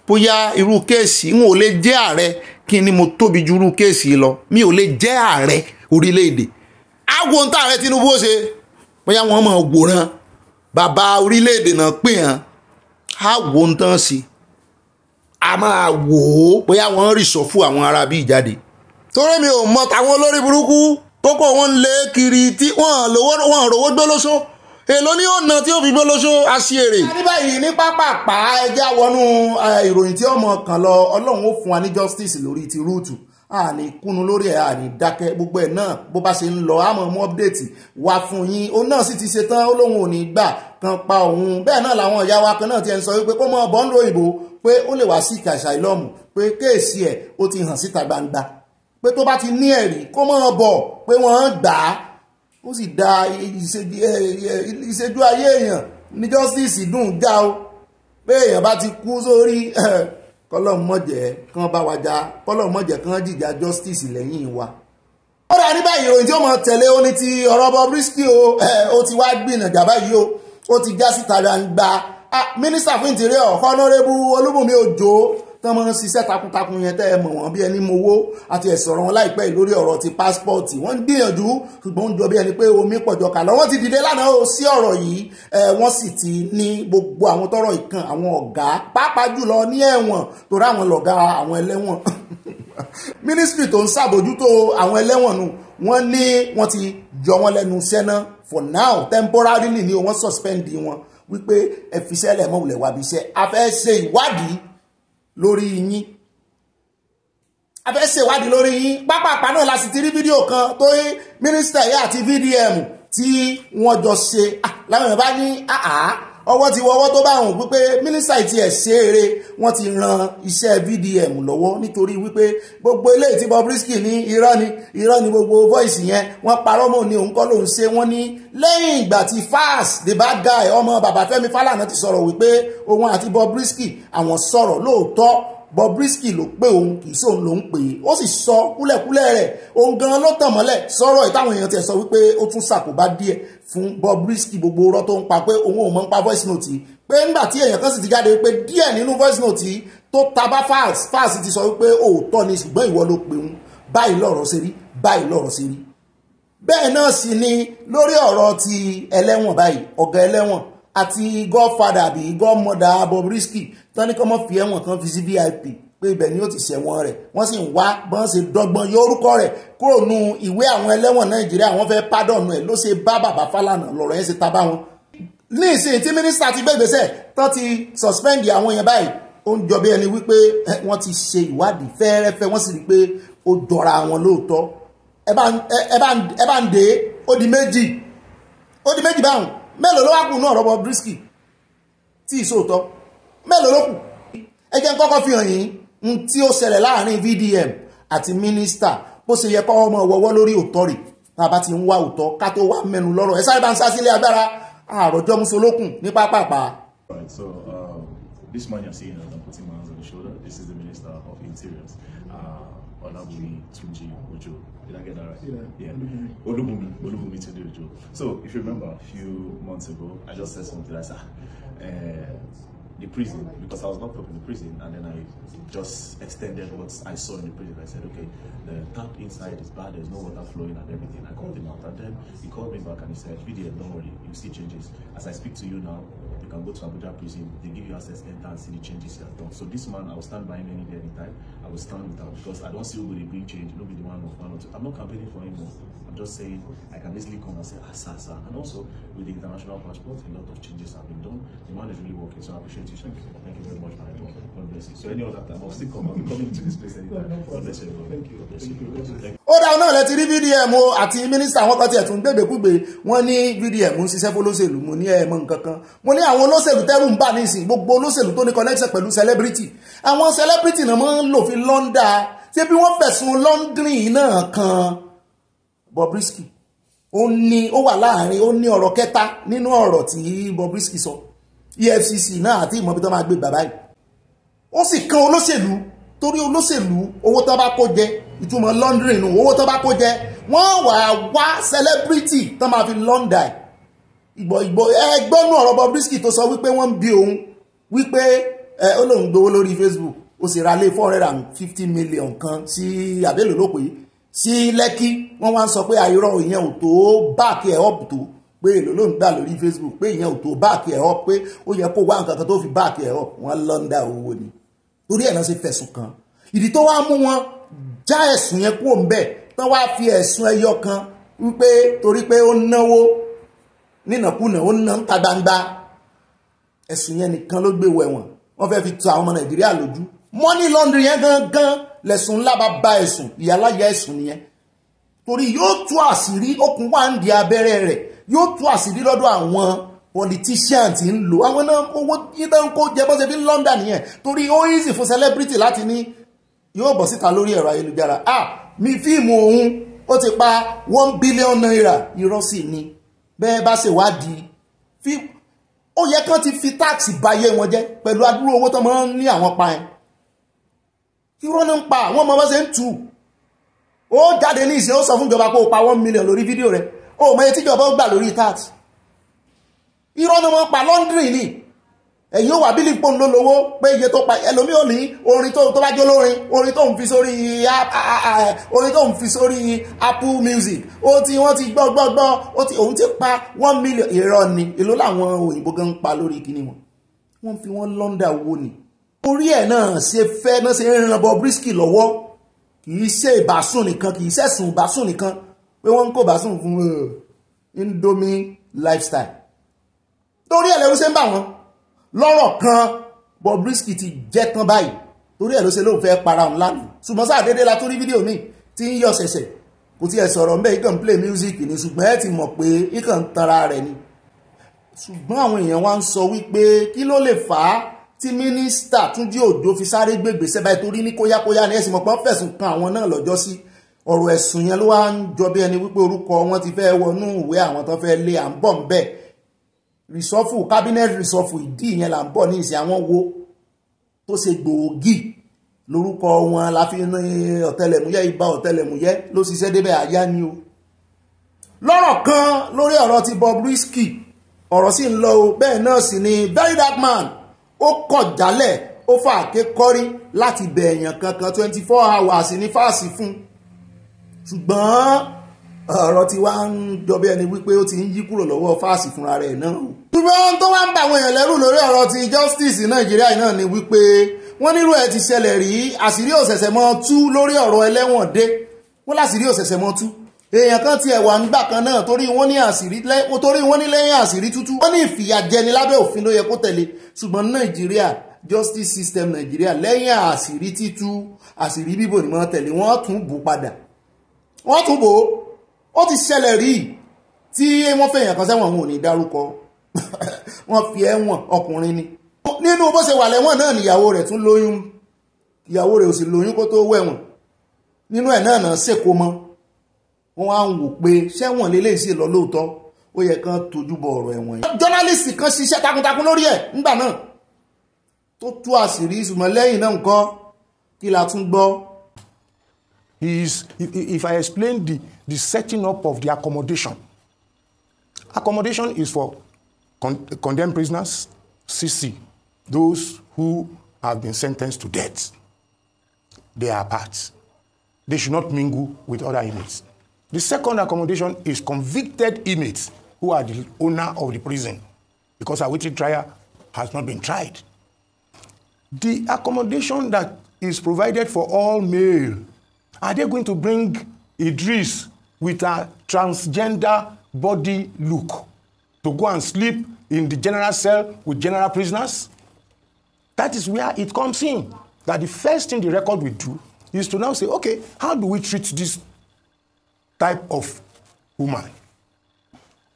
bóyá irú kéèsì n ò lè jẹ́ ààrẹ kí ni mo tóbi ju irú kéèsì lọ mi ò lè jẹ́ ààrẹ orílẹ̀-èdè á wo ohun tá ààrẹ Tinubu ó ṣe bóyá wọ́n mọ̀ wòran bàbá orílẹ̀-èdè náà pè hàn á wo ohun tán sí a máa wò ó bóyá wọ́n rì sọ fún àwọn ará bíi jáde torí mi ò mọ tàwọn olórí burúkú kókó wọn lé kiri tí wọn ò rówó gbólóṣó èló ní ọ̀nà tí ó fi gbólóṣó aṣèrè. àbí báyìí ní pápápá ẹjẹ́ àwọnú ìròyìn tí ọmọ kan lọ ọlọ́run ó fún wa ní justice lórí ti rúùtù àní kúnnu lórí ẹ̀ àní dákẹ́ gbogbo ẹ̀ náà bó bá ṣe ń lọ àmọ́ mú update wá fún yín òun náà sì ti ṣe tán ó lóun ò ní gbà kan pa òun bẹ́ẹ̀ náà làwọn ìyá wa kan náà ti ẹ̀ ń sọ wípé kó mọ ọ̀bọ̀n lóyìnbó pé ó lè wá sí ìkàṣà ìlọ́mù pé kéèsì ẹ̀ ó ti hàn síta gbangba pé tó bá ti ní ẹ̀rí kó máa bọ̀ pé wọ́n gbà á ó sì da ìṣẹ́jú ayé èèyàn ní justice dùn já o pé èèyàn bá ti kú sórí kọlọ́mọ̀jẹ̀ kan bá wa já kọlọ́mọ̀jẹ̀ kan jìjà justice lẹ́yìn wa ó dá ní báyìí ìròyìn tí ó mọ̀ tẹ̀lé ó ní ti ọ̀rọ̀ Bobrisky o ó ti wá gbìyànjú báyìí o ó ti já síta gbangba ah, mínísítà fún ìtìrẹ́ ọ̀ honorable Olúbùnmi Òjó tán máa ń ṣiṣẹ́ takuntakun yẹn tẹ́ ẹ mọ̀ wọ́n bí ẹni mowó àti ẹ̀sọ̀rọ̀ wọn láìpẹ́ lórí ọ̀rọ̀ ti pásítọ̀tì wọ́n ń gbìyànjú ṣùgbọ́n ó ń jọ bí ẹni pé omi pọ̀jọ kà lọ ti dìde lánàá o sí ọ̀rọ̀ yìí wọ́n sì ti ní gbogbo àwọn tọ́rọ̀ ìkan àwọn ọ̀gá pàápàá jùlọ ní ẹ̀wọ̀n torí àwọn lọ̀gá àwọn ẹlẹ́wọ̀n mínísítírì tó ń ṣàbójútó àwọn ẹlẹ́wọ̀n nù wọ́n ní wọ́n ti jọ wọ́n lẹ́nu iṣẹ́ náà for now temporarily ni wọ́n suspend wọn wípé ẹ fi iṣẹ́ lẹ̀ mọ́ wulẹ̀ wá iṣẹ́ a fẹ́ ṣe ìwádìí lórí yín a fẹ́ ṣèwádìí lórí yín pápápá náà la sì ti rí fídíò kan tó yí mínísítà yìí àti VDM tí wọ́n jọ ṣe ah, láwọn èèyàn bá ní àá ah, ah ọwọ́ ti wọ́wọ́ tó bá hàn wípé mínísítà ti ẹ̀ ṣe eré wọ́n ti ran iṣẹ́ VDM lọ́wọ́ nítorí wípé gbogbo eléyìí tí Bobrisky ní irọ́ ni irọ́ ni gbogbo voice yẹn wọ́n parọ́ mọ́ ni òun kọ́ ló ń ṣe wọ́n ní lẹ́yìn ìgbà tí Falz the bad guy ọmọ bàbá Fẹ́mi Fálànà ti sọ̀rọ̀ wípé òun àti Bobrisky àwọn sọ̀rọ̀ lóòótọ́ Bobrisky ló pé òun kì í sóun ló ń pè é ó sì sọ kúlẹ̀kúlẹ̀ rẹ̀ òun gan-an ló tàn mọ́lẹ̀ sọ̀rọ̀ ìtàwọn èèyàn tiẹ̀ sọ wípé ó tún ṣàkóbá díẹ̀ fún Bobrisky gbogbo ọ̀rọ̀ tó ń pa pé òun ò mọ̀ ń pa voice note yìí pé ńgbà tí èèyàn kan sì ti jáde wípé díẹ̀ nínú voice note yìí tó tabá fáàs fáàs ti sọ wípé òótọ́ ni ṣùgbọ́n ìwọ ló pè òun báyìí lọ̀rọ̀ ṣe rí báyìí lọ̀rọ̀ ṣe rí bẹ́ẹ̀ náà sì ni lórí ọ̀rọ̀ ti ẹlẹ́wọ̀n báyìí ọ̀gá ẹlẹ́wọ̀n àti godfather àbí godmother Bobrisky tán ní kọ́ mọ́ fi ẹ̀wọ̀n kan fi sí VIP pé ibẹ̀ ni ó ti ṣẹ̀wọ̀n rẹ̀ wọ́n sì ń wá bọ́n ṣe dọ́gbọ́n yọ orúkọ rẹ̀ kúrò nu ìwé àwọn ẹlẹ́wọ̀n Nàìjíríà wọ́n fẹ́ pádọ̀nù ẹ̀ ló ṣe bá bàbá Fálànà lọ́rọ̀ yẹn ṣe ta bá wọn. ní ìsìn tí mínísítà ti gbẹ̀gbẹ̀sẹ̀ tán ti sọ̀spẹ́ndì àwọn yẹn báyìí ó ń jọ bí ẹni wípé wọ́n ti ṣe ìwádìí fẹ́ẹ́rẹ́fẹ́ wọ́n sì rí pé ó jọra àwọn lóòótọ́ ẹ bá ń dé ó di méjì ó di méjì báwọn mélòó ló wá kù náà rọ́bọ̀ bírísìkì tí ìṣòótọ́ mélòó ló kù ẹ jẹ́ kọ́kọ́ fi hàn yín n tí ó ṣẹlẹ̀ láàrin VDM àti mínísítà bó ṣe yẹ kọ́ ọmọ ìwọ́wọ́ lórí òótọ́ rẹ̀ náà bá ti ń wá òótọ́ ká tó wá mẹ́nu lọ́rọ̀ ẹ sáré bá ń sá agbára àròjọ́ musolókun ní pápápá. so um, this man you're seeing as I'm putting my hands on the shoulder, this is the Minister of Interiors, uh, Olabuyi Tunji Ojo. Did I get that right? Yeah. Yeah. Olubumi. Olubumi Tedojo. So, if you remember a few months ago, I just said something. I said, uh, the prison, because I was locked up in the prison, and then I just extended what I saw in the prison. I said, okay, the tap inside is bad, there's no water flowing and everything. I called him out, and then he called me back and he said, BDM, don't worry, you see changes. As I speak to you now, you can go to Abuja prison, they give you access, enter and see the changes you have done. So this man, I'll stand by him any day, anytime. I will stand with her because I don't see who will bring change. No be the one of one or two. I'm not campaigning for him. I'm just saying I can easily come and say ah sir, sir. And also with the international passport, a lot of changes have been done. The man is really working, so I appreciate you. Thank you, thank you very much, my God. God bless you. So any other time, I'll still come. I'll be coming to this place anytime. God bless you. Thank you. God bless you. Thank you. ó dáa náà lẹ́tí rí vdm o àti mínísítà wọn kan tiẹ̀ tún gbègbèkúgbè wọn ní vdm ń ṣiṣẹ́ fọlọ́sẹ̀lú mo ní ẹ̀ẹ̀mọ nǹkan kan mo ní àwọn olóṣèlú tẹ́rù ń bà nísìnyí gbogbo olóṣèlú tó ní connection pẹ̀lú celebrity àwọn celebrity náà máa ń lò fi òfin lọ́ńdà ṣé bí wọ́n fẹ̀sùn lọ́ńdìrín náà kan Bobrisky ó ní ó wà láàrin ó ní ọ̀rọ̀ kẹta nínú ọ̀rọ̀ tí Bobrisky sọ EFCC náà àti ìmọ̀bí tó máa gbé bàbá yìí ó sì kan olóṣèlú torí olóṣèlú owó tó bá kó jẹ ìtumọ̀ lọ́ńdìrín nù owó tó bá kó jẹ wọ́n wà wá celebrity tó máa fi lọ́ńdà ìgbọ̀ ìgbọ̀ ẹgbọ́nú ọ̀rọ̀ Bobrisky tó sọ wípé wọ́n ń bi òun wípé ó lóun gbowó lórí Facebook ó sì ra lé four hundred and fifty million kan sí àbẹ̀lẹ̀ ló pé sí lẹ́kí wọ́n wá ń sọ pé àìrọ̀ ah, ìyẹn ò tó báàkì ẹ̀ up tó pé èlò ló ń gbà lórí Facebook pé ìyẹn ò tó báàkì ẹ̀ up pé ó yẹ kó wá nǹkan kan tó fi báàkì ẹ̀ up wọ́n lọ́ndà owó ni torí ẹ̀ náà ṣe fẹ̀sùn kan ìdí tó wá mú wọn já ẹ̀sùn yẹn kúrò ńbẹ̀ tán wá fi ẹ̀sùn ẹyọ kan wípé torí pé ó náwó nínàkúnà ó ná ń ta gbangba ẹ̀sùn yẹn nìkan ló gbé wẹ̀wọ̀n wọ́n fẹ́ fi tu àwọn ọmọ Nàìjíríà lójú money laundering yẹn gangan lẹ̀sùn ńlá bá ba ẹ̀sùn ìyáláyà ẹ̀sùn nìyẹn torí yóò tú àṣírí okùn wà ń di abẹ́rẹ́ rẹ̀ yóò tú àṣírí lọ́dọ̀ àwọn politician ti ń lò àwọn náà owó yíná ń kó jẹ bó ṣe fi ń lọ́ndà nìyẹn torí ó easy fún celebrity láti ní yóò bọ̀ síta lórí ẹ̀rọ ayélujára ah mi fíìmù òun ó ti pa one billion naira irọ́ sì ni bẹ́ẹ̀ bá ṣe wádìí fíìmù ó yẹ kán ti fi táàsì bayé wọn jẹ́ pẹ̀lú adúrú owó tó máa ń ní àwọn pa yẹn irọ́ ní ń pa àwọn ọmọ wọn ṣe ń tù ó jáde ní ìṣẹ́ ó sọ fún ìjọba pé ó pa one million lórí fídíò rẹ̀ ó mọ etí ìjọba ó gbà lórí tat irọ́ ní wọ́n pa lọ́ndìrì ni ẹ̀yin ó wà bí lípò ń lólowó pé iye tó pa ẹlòmíì ò ní orin tó bá jó lórin orin tó ń fi sórí orin tó ń fi sórí Apple Music ó ti wọ́n ti gbọ́ gbọ́ gbọ́ ó ti òun ti pa one million irọ́ ni èló làwọn òyìnbó gan ń pa lórí kíní wọn wọ́n fi wọ́n lọ́ndà wo ni orí ẹ̀ náà ṣe fẹ́ náà ṣe ń ran Bobrisky lọ́wọ́ kì í ṣe ìbásùn nìkan kì í ṣẹ̀sùn ìbásùn nìkan pé wọ́n ń kó ìbásùn fún uh, Indomie lifestyle torí ẹ̀ lẹ́rú ṣe ń bà wọ́n lọ́rọ̀ kan Bobrisky ti jẹ́ tán báyìí torí ẹ̀ ló ṣe lóun fẹ́ para òun lánàá ṣùgbọ́n sáà déédéé la tó rí fídíò míì tí ń yọ ṣẹ̀ṣẹ̀ kò tiẹ̀ sọ̀rọ̀ mbẹ́ ikàn play music ni ṣùgbọ́n ẹ ti mọ̀ pé ikàn tanra rẹ̀ ni ṣùgbọ́n àwọn èèyàn wa ń sọ wípé kí ló lè fà á tí mínísítà Túnjí Òjó fi sáré gbègbè sẹ́ba ìtorí ní kóyákóyá ni ẹ̀sìn mọ̀pọ́n fẹ̀sùn kan àwọn náà lọ́jọ́ sí ọ̀rọ̀ ẹ̀sùn yẹn ló wá ń jọ bí ẹni wípé orúkọ wọn ti fẹ́ wọnú ìwé àwọn tó fẹ́ lé à ń bọ̀ ń bẹ̀ rìsọ́fù cabinet rìsọ́fù ìdí yẹn là ń bọ̀ ní ìsìn àwọn wo tó ṣe gbòógì lórúkọ wọn la fi ní ọ̀tẹlẹ̀múyẹ́ ibà ọ̀tẹlẹ̀múyẹ́ ló ṣiṣẹ́ débẹ̀ àyá ni o lọ́rọ̀ kan lórí ọ̀rọ̀ ti Bobrisky ọ̀rọ̀ sì ń lọ o bẹ́ẹ̀ náà sì ni very dark man ó kọ̀ jálẹ̀ ó fà ké kọ́rí láti bẹ̀ èèyàn kankan twenty four hours ní fáàsì fún ṣùgbọ́n ọ̀rọ̀ tí wá ń jọbẹ́ ẹni wípé ó ti ń yí kúrò lọ́wọ́ fáàsì fúnra rẹ̀ náà o. ṣùgbọ́n tó wá ń bá àwọn èèyàn lẹ́rù lórí ọ̀rọ̀ ti justice nàìjíríà náà ni wípé wọ́n nírú ẹ̀ ti ṣẹlẹ̀ rí àṣírí òṣẹ̀ṣẹ̀ mọ́ tú lórí ọ̀rọ̀ ẹlẹ́wọ̀n dé wọ́n láṣírí òṣẹ̀ṣẹ̀ mọ́ tú èèyàn kan ti ẹ̀wà ńgbà kan náà torí wọ́n ní àṣírí torí wọ́n ní lẹ́yìn àṣírí tútù wọ́n ní ìfìyàjẹni lábẹ́ òfin ló yẹ kó tẹ̀lé ṣùgbọ́n nàìjíríà justice system nàìjíríà lẹ́yìn àṣírí títú àṣírí bíbò ni wọ́n tẹ̀lé wọ́n tún bò padà wọ́n tún bò ó ti ṣẹlẹ̀ rí tí wọ́n fẹ́ èèyàn kan sẹ́wọ̀n wọn ò ní dárúkọ wọ́n fi ẹ̀wọ̀n ọkùnrin ni nínú bó ṣe wà lẹ́wọ̀n náà níyàwó rẹ̀ tún lóyún ìyàwó rẹ̀ ò sì lóyún kó tó wẹ̀wọ̀n nínú ẹ̀ náà náà ṣèkó mọ́ wọ́n á wò pé sẹ́wọ̀n lélẹ́yìí lọ lóòótọ́ ó yẹ kán tójú ọ̀rọ̀ ẹ̀wọ̀n yìí. jọ́nálìsì kan ṣiṣẹ́ takuntakun lórí ẹ̀ nígbà náà tó tú àṣírí ṣùgbọ́n lẹ́yìn náà nǹkan kí la tún gbọ́. is if, if I explain the the setting up of the accommodation accommodation is for con condemned prisoners CC those who have been sentenced to death they are apart they should not mingle with other inmates. The second accommodation is convicted inmates who are the owner of the prison because a awaiting trial has not been tried. The accommodation that is provided for all male, are they going to bring Idris with a transgender body look to go and sleep in the general cell with general prisoners? That is where it comes in. That the first thing the record will do is to now say, okay, how do we treat these type of woman.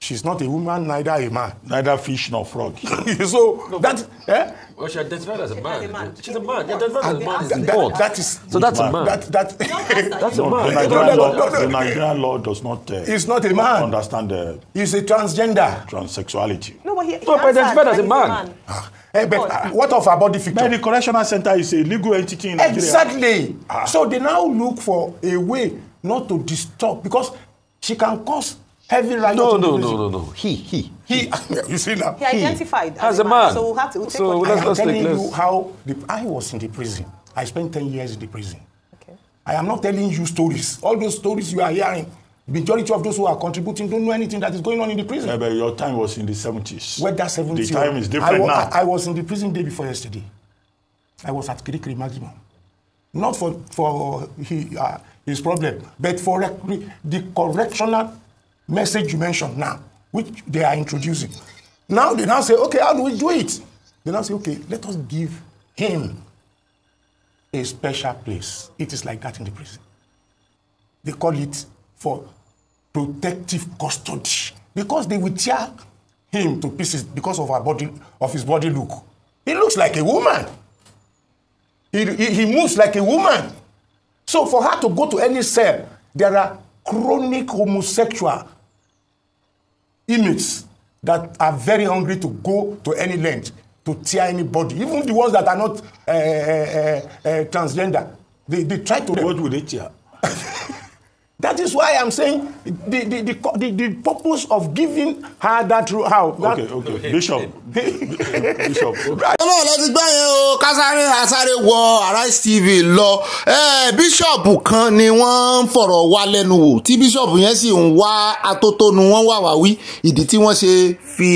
She's not a woman, neither a man. Neither fish nor frog. so no, that eh? Well, she identified as a man. man. She's a man. She identified as a man. that, is so that's a man. That, that, that's a man. The Nigerian, no, no, no, no. The Nigerian law does not. Uh, it's not a man. Understand the. He's a transgender. Transsexuality. No, but he, he no, but identified as a man. man. Hey, ah, eh, but uh, what of her body figure? But the correctional center is a legal entity in Nigeria. Exactly. Ah. So they now look for a way not to disturb because she can cause heavy riot. No, no, no, no, no. He, he, he. you see now. He, he identified as, as a man. man. So we'll have to. We'll so take let's, let's I'm telling you how the, I was in the prison. I spent ten years in the prison. Okay. I am not telling you stories. All those stories you are hearing majority of those who are contributing don't know anything that is going on in the prison. Yeah, but your time was in the seventies. Where that seventies? The time is different I was, now. I, I was in the prison day before yesterday. I was at Kirikiri Maximum. Not for, for he, uh, his problem. But for the correctional message you mentioned now, which they are introducing, now they now say, okay, how do we do it? They now say, okay, let us give him a special place. It is like that in the prison. They call it for protective custody because they will tear him to pieces because of her body, of his body look. He looks like a woman. He, he, he moves like a woman. So for her to go to any cell, there are chronic homosexual inmates that are very hungry to go to any length to tear anybody, even the ones that are not uh, uh, uh, transgender. They, they try to. What would they tear? That is why I'm saying the, the, the, the, the purpose of giving her that how. That, okay, okay. Bishop. Bishop. Ọlọ́run lọ ti gbọ́ yẹn o, Kásáré Asáré wọ Arise TV lọ. Bishop kan ni wọ́n ń fọ̀rọ̀ wá lẹ́nu wò tí bíṣọ̀bù yẹn sì ń wá atótónu wọ́n wà wá wí ìdí tí wọ́n ṣe fi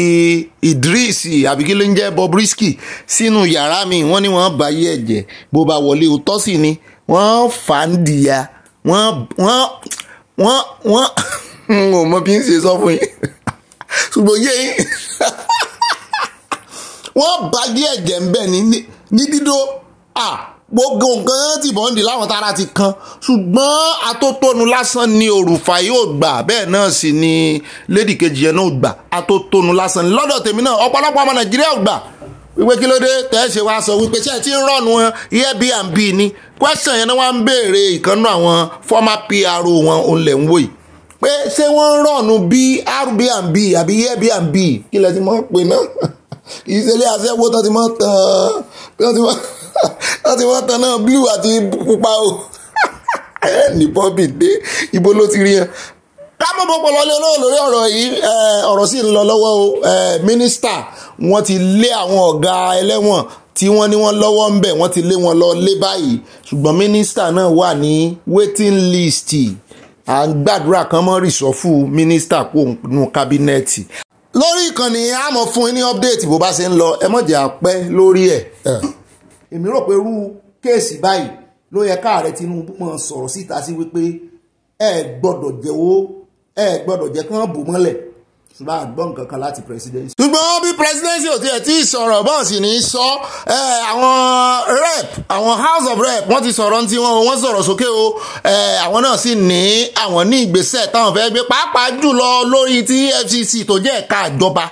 Idris àbíkí ló ń jẹ́ Bobrisky sínú yàrá mi wọ́n ní wọ́n bá yí ẹ̀jẹ̀ bó ba wọlé òótọ́ sì ni wọ́n fà á ń dìyà wọ́n wọ́n wọ́n wọ́n n ò mọ bí n ṣe sọ fún yín ṣùgbọ́n yé yín wọ́n bá díẹ̀ jẹ́ ń bẹ̀ ní dídó à gbogbo nǹkan ti bọ́ǹdì láwọn tára ti kan ṣùgbọ́n atótónu lásán ni òrùfà yóò gbà bẹ́ẹ̀ náà sì ni lédìkejì yẹn náà gbà atótónu lásán lọ́dọ̀ tèmi náà ọ̀pọ̀lọpọ̀ ọmọ nàìjíríà gbà wípé kí ló dé tẹ́sí wa sọ wípé ṣé ẹ ti ń rọ̀nù Airbnb ni question yẹn ni wọ́n ń béèrè ìkànnú àwọn former PRO wọn òun lẹ̀ ń wò yìí pé ṣé wọ́n ń rọ̀nù bí Airbnb àbí Airbnb kí lẹ ti mọ̀ pé náà kì í ṣe ilé aṣẹ́wó tó ti mọ̀ tán tó ti mọ̀ tán náà blue àti pupa o ní bọ́bì dé ibo ló ti rí yẹn ká mọ̀ bọ́pọ̀ lọ́lé olóòlórí ọ̀rọ̀ yìí ọ̀rọ̀ sì ń lọ lọ́wọ́ o mínísítà wọ́n ti lé àwọn ọ̀gá ẹlẹ́wọ̀n tí wọ́n ní wọ́n lọ́wọ́ ń bẹ̀ wọ́n ti lé wọn lọ lé báyìí ṣùgbọ́n mínísítà náà wà ní waiting list à ń gbàdúrà kan mọ́ rìsọ́fù mínísítà kó nu kábínẹ́ẹ̀tì lórí ìkànnì àmọ́ fún yín ní update bó bá ṣe ń lọ ẹ má jẹ́ á pẹ́ lórí ẹ̀. èmi rò pé irú kéèsì báyìí ló yẹ káàrẹ Tinubu mọ sọ̀rọ̀ síta sí wípé ẹ gbọ́dọ̀ jẹ́wọ́ ẹ gbọ́dọ̀ jẹ́ kán bò mọ́lẹ̀ ṣùgbọ́n àgbọ̀n kankan láti presidency. ṣùgbọ́n bí presidency ò tiẹ̀ tí ì sọ̀rọ̀ bọ́ọ̀ sì ní í sọ àwọn rep àwọn house of rep wọ́n ti sọ̀rọ̀ ní tiwọn wọ́n sọ̀rọ̀ sókè o àwọn náà sì ní àwọn ní ìgbésẹ̀ táwọn fẹ́ gbé pàápàá jùlọ lórí ti EFCC tó jẹ́ ẹ̀ka ìjọba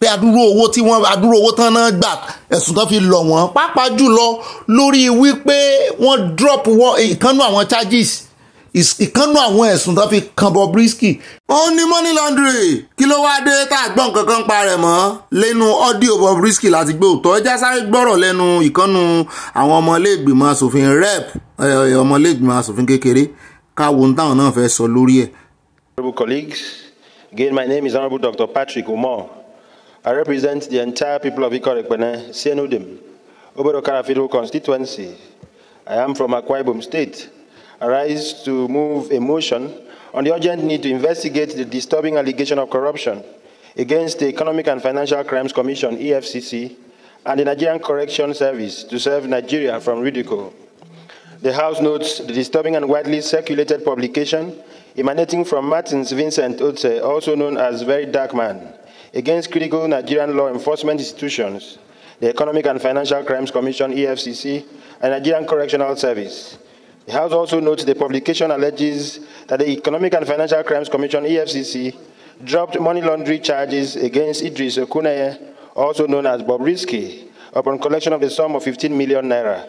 pé adúrú owó tí wọ́n adúrú owó tán náà gbà ẹ̀sùn tán fi lọ̀ wọ́n pàápàá jùlọ lórí wípé wọ́n drop ìkànnú àwọn charges ìkànnù àwọn ẹ̀sùn tó fi kan Bobrisky. ó ní money laundry kí ló wáá dé tá a gbọ́ nǹkan kan pa rẹ̀ mọ́ lẹ́nu ọ́díò Bobrisky láti gbé òótọ́ ẹja sáré gbọ́rọ̀ lẹ́nu ìkànnù àwọn ọmọlẹ́gbìmọ̀ asòfin rep ọmọlẹ́gbìmọ̀ asòfin kékeré káwo ń táwọn náà fẹ́ sọ lórí ẹ̀. honourable colleagues again my name is honourable dr patrick umar i represent the entire people of ikore ekpene sienudem obodo karafidul constituency i am from akwa ibom state. arise to move a motion on the urgent need to investigate the disturbing allegation of corruption against the Economic and Financial Crimes Commission, EFCC, and the Nigerian Correction Service to save Nigeria from ridicule. The House notes the disturbing and widely circulated publication emanating from Martins Vincent Otse, also known as Very Dark Man, against critical Nigerian law enforcement institutions, the Economic and Financial Crimes Commission, EFCC, and Nigerian Correctional Service, the House also notes the publication alleges that the Economic and Financial Crimes Commission, EFCC, dropped money laundering charges against Idris Okuneye, also known as Bob Risky, upon collection of the sum of 15 million naira.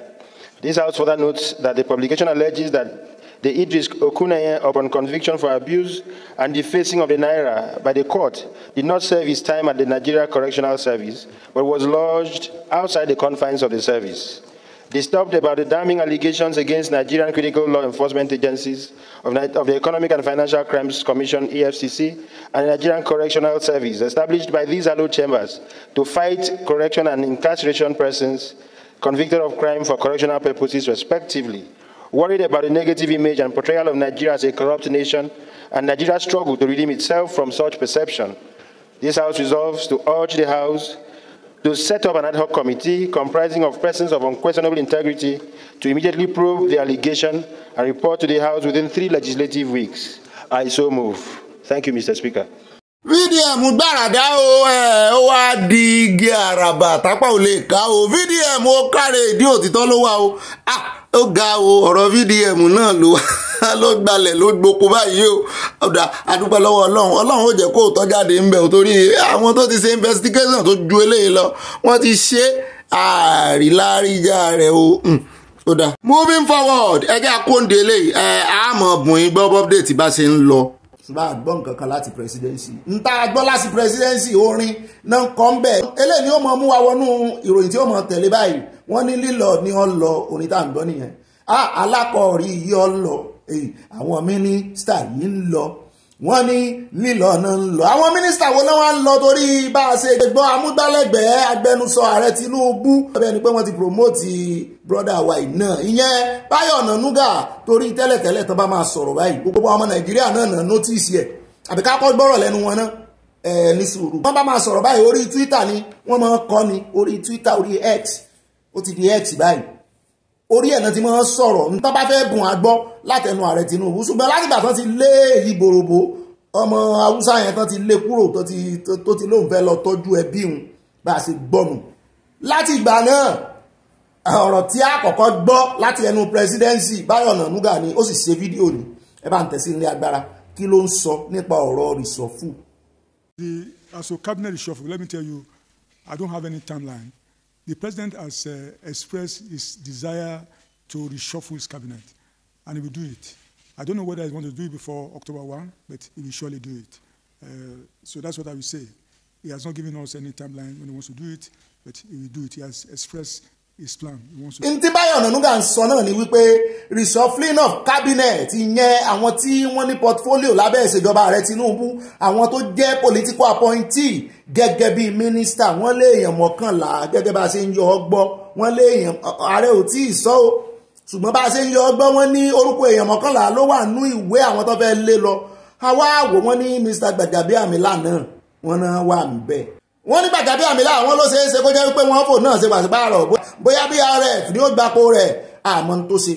This House further notes that the publication alleges that the Idris Okuneye, upon conviction for abuse and defacing of the naira by the court, did not serve his time at the Nigeria Correctional Service, but was lodged outside the confines of the service disturbed about the damning allegations against Nigerian critical law enforcement agencies of, of the Economic and Financial Crimes Commission, EFCC, and the Nigerian Correctional Service, established by these hallowed chambers to fight correction and incarceration persons convicted of crime for correctional purposes, respectively, worried about the negative image and portrayal of Nigeria as a corrupt nation and Nigeria's struggle to redeem itself from such perception. This House resolves to urge the House to set up an ad hoc committee comprising of persons of unquestionable integrity to immediately probe the allegation and report to the House within three legislative weeks. I so move. Thank you, Mr. Speaker. VDM gbàràdá o ẹ ó wá di igi àràbà tápá ò lè ká o VDM ó káre ìdí òtítọ́ ló wà o ah, ó ga o ọ̀rọ̀ VDM náà ló wà. ló gbalẹ̀ ló gboko báyìí o ọ̀dà àdúgbò ọlọ́run ọlọ́run ò jẹ́ kó tọ́ jáde ń bẹ̀ torí àwọn tó ti ṣe investigation tó ju eléyìí lọ wọ́n ti ṣe àríláríjà rẹ̀ o hmm, ó moving forward ẹgbẹ́ akóńdé eléyìí ẹ àmọ́ bùnrin gbọ́ update bá ṣe ń lọ. ṣùgbọ́n àgbọ̀n nǹkan kan láti presidency nta àgbọ̀n láti presidency orin náà kọ́ ń bẹ̀. eléyìí ni ó mọ mú wa wọnú ìròyìn tí ó mọ tẹ̀lé báyìí wọ́n ní lílọ ni ó lọ orin tá à ń gbọ́ nìyẹn. Ah, alákọ̀ọ́rí yìí ó lọ àwọn mínísítà ní ń lọ wọ́n ní lílọ náà ń lọ àwọn mínísítà wo náà wá ń lọ torí bá a ṣe gbọ́ amúgbálẹ́gbẹ̀ẹ́ agbẹnusọ ààrẹ Tinubu bẹ́ẹ̀ ni pé wọ́n ti promote broda wa náà ìyẹn Báyọ̀ Nànúgà torí tẹ́lẹ̀tẹ́lẹ̀ tó bá máa sọ̀rọ̀ báyìí gbogbo ọmọ Nàìjíríà náà nà nọ́tìsì ẹ̀ àbíká kọ́ gbọ́rọ̀ lẹ́nu wọn náà ẹ̀ ní sùúrù wọ́n bá máa sọ̀rọ̀ báyìí orí Twitter ni wọ́n máa kọ́ ni orí Twitter orí X ó ti di X báyìí orí ẹ̀ náà ti máa ń sọ̀rọ̀ nítorí bá fẹ́ bùn àgbọ́ látẹnu ààrẹ Tinubu ṣùgbọ́n látìgbà tán ti lé ìgbòròbó ọmọ haúsá yẹn tán ti lé kúrò tó ti lóun fẹ́ lọ tọ́jú ẹbí òun bá a ṣe gbọ́nù láti ìgbà náà ọ̀rọ̀ tí a kọ́kọ́ gbọ́ láti ẹnu presidency Báyọ̀ Ọ̀nànúgà ni ó sì ṣe fídíò ní ẹ bá ń tẹ̀sí ilé agbára kí ló ń sọ nípa ọ̀rọ̀ rìsọ̀fù. the as cabinet reshuffle let me tell you i don't have any timeline The president has uh, expressed his desire to reshuffle his cabinet, and he will do it. I don't know whether he's going to do it before October 1, but he will surely do it. Uh, so that's what I will say. He has not given us any timeline when he wants to do it, but he will do it. He has expressed his plan. n tí Báyọ̀ Ọ̀nànúgà ń sọ náà ni wípé reshuffling of cabinet ìyẹn àwọn tí wọ́n ní portfolio lábẹ́ ìṣèjọba ààrẹ Tinubu àwọn tó jẹ́ political appointee gẹ́gẹ́ bí minister wọ́n lé èèyàn mọ́kànlá gẹ́gẹ́ bá a ṣe ń yọ ọ́ gbọ́ wọ́n lé èèyàn ààrẹ ò tí ì sọ ọ́ ṣùgbọ́n bá a ṣe ń yọ ọ́ wọ́n ní orúkọ èèyàn mọ́kànlá ló wà nú ìwé àwọn tó fẹ́ lé lọ àwa àwò wọ́n ní Mr. Gbàjàbíàmílà náà wọ́n náà wà ń wọ́n ní gbàgbé àmìlà àwọn ló ṣeé ṣe kó jẹ́ pé wọ́n fò náà ṣe pàṣípààrọ̀ bóyá BRF ni ó gbapò rẹ̀ àmọ́ tó ṣe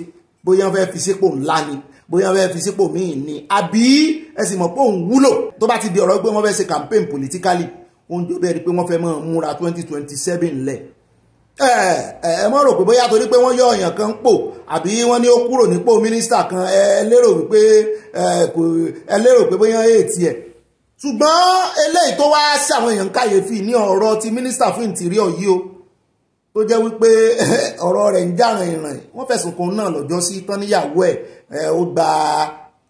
bóyá wọ́n fẹ́ fi sípò ńlá ni bóyá wọ́n fẹ́ fi sípò míì ni àbí ẹ sì mọ̀ pé òun wúlò tó bá ti di ọ̀rọ̀ pé wọ́n fẹ́ ṣe campaign politically òun jọ bẹ́ẹ̀ rí pé wọ́n fẹ́ máa múra twenty twenty seven lẹ̀ ẹ ẹ mọ̀ rò pé bóyá torí pé wọ́n yọ ọ̀yàn kan pò àbí wọ́n ní ó kúrò nípò mínísítà kan ẹ lérò wípé ẹ lérò pé bóyá èètì ẹ̀ ṣùgbọ́n eléyìí tó wáá sí àwọn èèyàn káyèéfì ní ọ̀rọ̀ ti mínísítà fún ìntìríọ̀ yìí o tó jẹ́ wípé ọ̀rọ̀ rẹ̀ ń jàràn ìràn wọ́n fẹ̀sùn kan náà lọ́jọ́ sí tán níyàwó ẹ̀ ó gba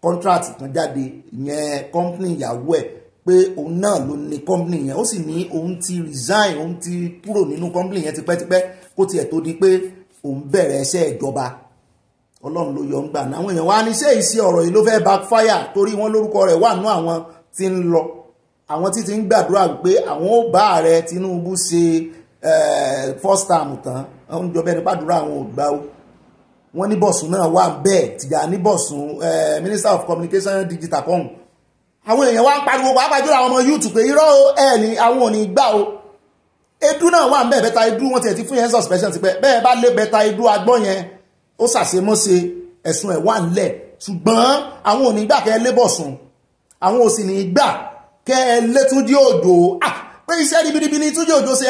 contract kan jáde ìyẹn company ìyàwó ẹ̀ pé òun náà ló ní company yẹn ó sì ní òun ti resign òun ti kúrò nínú company yẹn tipẹ́tipẹ́ kó tiẹ̀ tó di pé òun bẹ̀rẹ̀ iṣẹ́ ìjọba ọlọ́run ló yọ ń gbà náà àwọn èèyàn wá ní ṣé ìṣe ọ̀rọ̀ yìí ló fẹ́ backfire torí wọ́n lórúkọ rẹ̀ wà nú àwọn ti ń lọ àwọn tí ti ń gbàdúrà pé àwọn ó bá ààrẹ Tinubu ṣe eh, first term tán àwọn ìjọba ẹni pàdúrà àwọn ò gbà ó wọ́n ní bọ̀sùn náà wà bẹ́ẹ̀ tìjà ní bọ̀sùn eh, Minister of Communication Digital kọ́hún àwọn èèyàn wá ń pariwo pàápàá jùlọ àwọn ọmọ yúùtù pé irọ́ ẹ̀ ni àwọn ò ní gbà ó edu náà wà bẹ́ẹ̀ bẹ́ta edu wọ́n tiẹ̀ ti fún yẹn suspension ti pẹ́ bẹ́ẹ̀ bá lé bẹ́ta edu agbọ́n yẹn ó ṣàṣemọ́ṣe ẹ̀sùn ẹ̀ wà ńlẹ̀ ṣùgbọ́n àwọn ò ní gbà kẹ́ lébọ̀sùn àwọn ò sì ní gbà kẹ́ ẹ létúndí òjò pé iṣẹ́ ribiribi ní túnjí òjò ṣe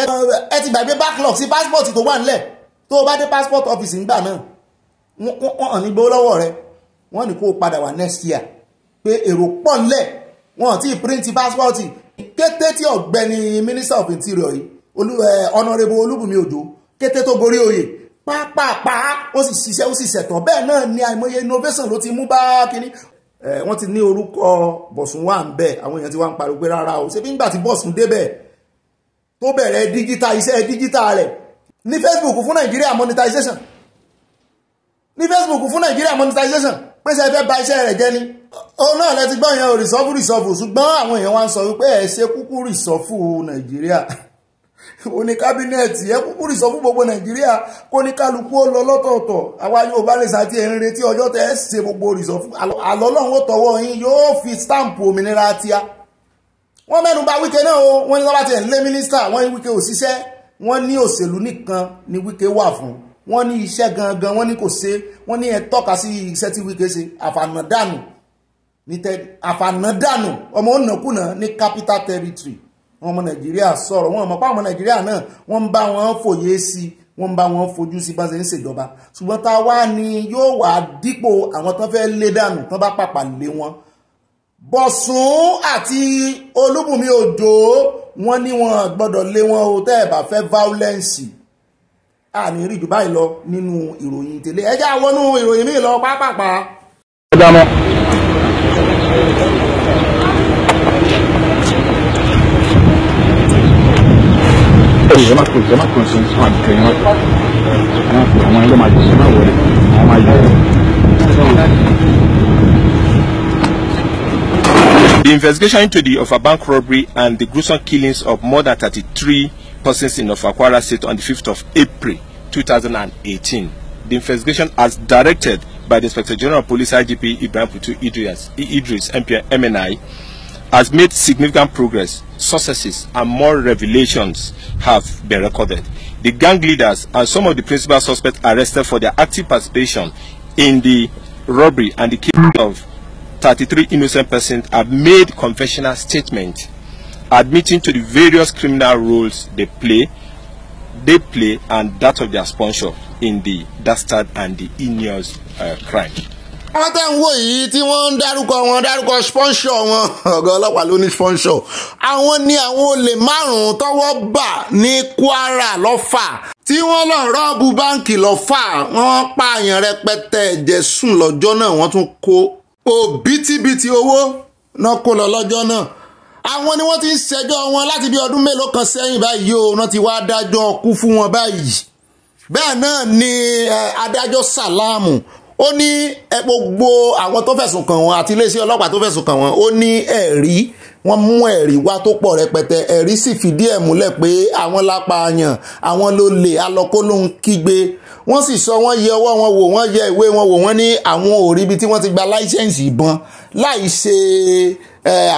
ẹ ti gbàgbé backlog sí passport tó wà nílẹ̀ tó o bá dé passport office ńgbà náà wọ́n hàn ní gbowó lọ́wọ́ rẹ wọ́n ní kó o padà wá next year pé èrò pọ̀ nílẹ̀ wọ́n ti print passport kété tí ọ̀gbẹ́ni minister of interior yìí honorable olúbùnmi òjò kété tó gorí oyè pápápá ó sì ṣiṣẹ́ ó sì ṣẹ̀tàn bẹ́ẹ̀ náà ni àìmọye innovation ló ti mú bá kínní Eh, wọ́n ti ní orúkọ bọ̀sùn wà ń bẹ̀ àwọn èèyàn ti wá ń pariwo pé rárá o ṣe bí nígbà tí bọ̀sùn débẹ̀ tó bẹ̀rẹ̀ díjítà iṣẹ́ díjítà rẹ̀ ní Facebook fún Nàìjíríà monetization ní Facebook fún Nàìjíríà monetization pé ṣe fẹ́ bà iṣẹ́ rẹ̀ jẹ́ ni òun náà lẹ ti gbọ́ yẹn ò rìsọ́fù rìsọ́fù ṣùgbọ́n àwọn èèyàn wá ń sọ wípé ẹ̀ ṣe kúkú rìsọ́fù Nàìjíríà òní kábínẹ̀tì ẹ kúkú rí sọ fún gbogbo nàìjíríà kó ní kálukú ó lọ lọ́tọ̀ọ̀tọ̀ àwa yorùbá lè sàti ẹ̀ ń retí ọjọ́ tẹ́ ẹ ṣe gbogbo rìsọ̀ fún àlọ́lọ́run ó tọwọ́ yín yóò fi stamp òmìnira tíá wọ́n mẹ́nu bà wíkẹ́ náà o wọ́n ní lọ́wọ́ tiẹ̀ ń lé mínísítà wọ́n ní wíkẹ́ òṣìṣẹ́ wọ́n ní òṣèlú nìkan ni wíkẹ́ wà fún wọ́n ní iṣẹ́ gangan wọ́n ní capital territory wọn ọmọ nàìjíríà sọ̀rọ̀ wọn ọmọ pàmò nàìjíríà náà wọ́n ń bá wọn fòye sí wọ́n ń bá wọn fojú sí bá ṣe ń ṣèjọba ṣùgbọ́n tá a wá ní yóò wá dípò àwọn tán fẹ́ẹ́ lé dànù tán bá pàpà lé wọn bọ̀sùn àti olúbùnmi òjò wọ́n ní wọn gbọ́dọ̀ lé wọn o tẹ́ ẹ̀ bá fẹ́ violence àní rí jù báyìí lọ nínú ìròyìn tẹ̀lé ẹjẹ́ àwọn ìròyìn míì lọ pápápá. pẹ̀lú ẹ má pè ẹ má pè ọsùn fún àbíkẹ ẹ má pè ẹ má pè àwọn ẹlẹ́wọ̀n máa The investigation into the Offa Bank robbery and the gruesome killings of more than 33 persons in Offa Kwara State on the 5th of April 2018. The investigation as directed by the Inspector General of Police IGP Ibrahim Putu Idris, Idris MPI MNI has made significant progress. Successes and more revelations have been recorded. The gang leaders and some of the principal suspects arrested for their active participation in the robbery and the killing of 33 innocent persons have made confessional statements admitting to the various criminal roles they play they play and that of their sponsor in the dastard and the heinous uh, crime. àwọn tẹ́ ń wò yìí tí wọ́n ń dárúkọ wọn dárúkọ spọ́nṣọ̀ wọn ọ̀gá ọlọ́pàá ló ní spọ́nṣọ̀ àwọn ni àwọn olè márùn-ún tọ́wọ́ bà ní Kwara lọ́fà tí wọ́n lọ rọ́ọ̀bù báǹkì lọ́fà wọ́n pààyàn rẹpẹtẹ ẹ̀jẹ̀ sùn lọ́jọ́ náà wọ́n tún kó òbítíbitì owó náà kó lọ lọ́jọ́ náà àwọn ni wọ́n ti ń ṣẹjọ́ wọn láti bí ọdún mélòó kan sẹ́yìn báyìí o wọ́n ti wá dájọ́ kú fún wọn báyìí bẹ́ẹ̀ náà ni adájọ́ sàlámù ó ní gbogbo àwọn tó fẹ̀sùn kàn wọ́n àti iléeṣẹ́ ọlọ́pàá tó fẹ̀sùn kàn wọ́n ó ní ẹ̀rí wọ́n mú ẹ̀rí wá tó pọ̀ rẹpẹtẹ ẹ̀rí sì fìdí ẹ̀ múlẹ̀ pé àwọn lápàáyàn àwọn ló lè alọ́kó ló ń kígbe wọ́n sì sọ wọ́n yẹ ọwọ́ wọn wò wọ́n yẹ ìwé wọn wò wọ́n ní àwọn ò rí ibi tí wọ́n ti gba láìsẹ̀ǹsì ìbọn láì ṣe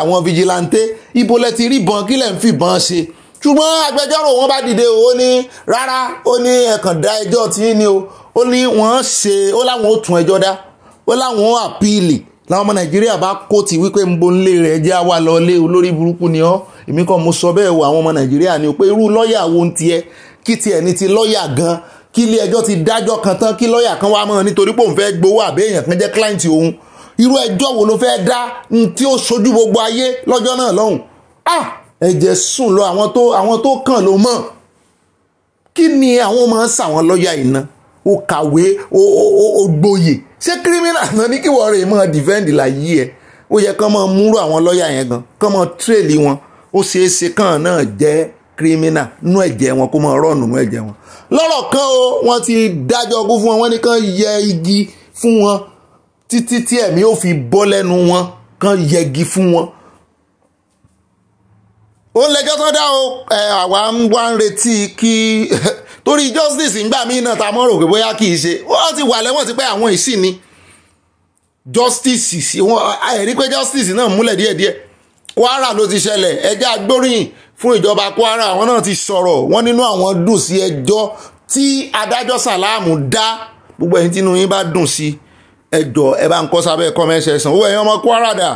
àwọn vigilante ibo lẹ ti rí ìbọn kí lẹ ń fi ṣe ṣùgbọ́n agbẹjọ́rò wọn bá dìde ó ní rárá ó ní ẹ̀kàn dá ẹjọ́ tí ní o ó ní wọ́n ṣe ó láwọn ó tún ẹjọ́ dá ó láwọn ó àpíìlì làwọn ọmọ nàìjíríà bá kó ti wípé ń bo nílé rẹ̀ jẹ́ àwa lọ lé olórí burúkú ni ọ́ èmi kan mo sọ bẹ́ẹ̀ wo àwọn ọmọ nàìjíríà ni o pé irú lọ́ọ̀yà wo ń tiẹ̀ kí tiẹ̀ ní ti lọ́ọ̀yà gan kí ilé ẹjọ́ ti dájọ́ kan tán kí lọ́ọ̀yà kan wá mọ́ nítorí pé òun fẹ́ gbowó àbẹ́yàn kan jẹ́ client òun irú ẹjọ́ wo ló fẹ́ dá tí ó sojú gbogbo ayé lọ́jọ́ náà lọ́hùn ah ẹ̀jẹ̀ sùn lọ àwọn tó àwọn tó kàn ló mọ̀ kí ni àwọn máa ń sàwọn lọ́ọ̀yà iná o kàwé o o o gboyè ṣé kírímìnà náà ní kí wọ́n rè mọ́ dìfẹ́ǹdì láyé ẹ̀ ó yẹ kán máa múrò àwọn lọ́ọ̀yà yẹn gan kán máa tírèlì wọn ó ṣeé ṣe kán náà jẹ́ kírímìnà nú ẹ̀jẹ̀ wọn kó máa rọ́ọ̀nù nú ẹ̀jẹ̀ wọn lọ́rọ̀ kan o wọ́n ti dájọ́ ọkú fún wọn wọ́n ní kán yẹ igi fún wọn títí tí ẹ̀mí ó fi bọ́ lẹ́nu wọn kán yẹgi fún wọn ó lẹ́jọ́ tó dá o àwa ń wá ń retí kí torí justice ń gbà mí náà ta mọ́ rò pé bóyá kì í ṣe wọ́n ti wà lẹ́wọ̀n ti pẹ́ àwọn ìsì ni justice sí wọn ẹ̀rí pé justice náà múlẹ̀ díẹ̀díẹ̀ Kwara ló ti ṣẹlẹ̀ ẹjẹ́ agbóríyìn fún ìjọba Kwara àwọn náà ti sọ̀rọ̀ wọ́n nínú àwọn dùn sí ẹjọ́ tí adájọ́ Sàlámù dá gbogbo ẹ̀yin tínú yín bá dùn sí ẹjọ́ ẹ bá ń kọ́ sábẹ́ comment section owó ẹ̀yin ọmọ Kwara dà.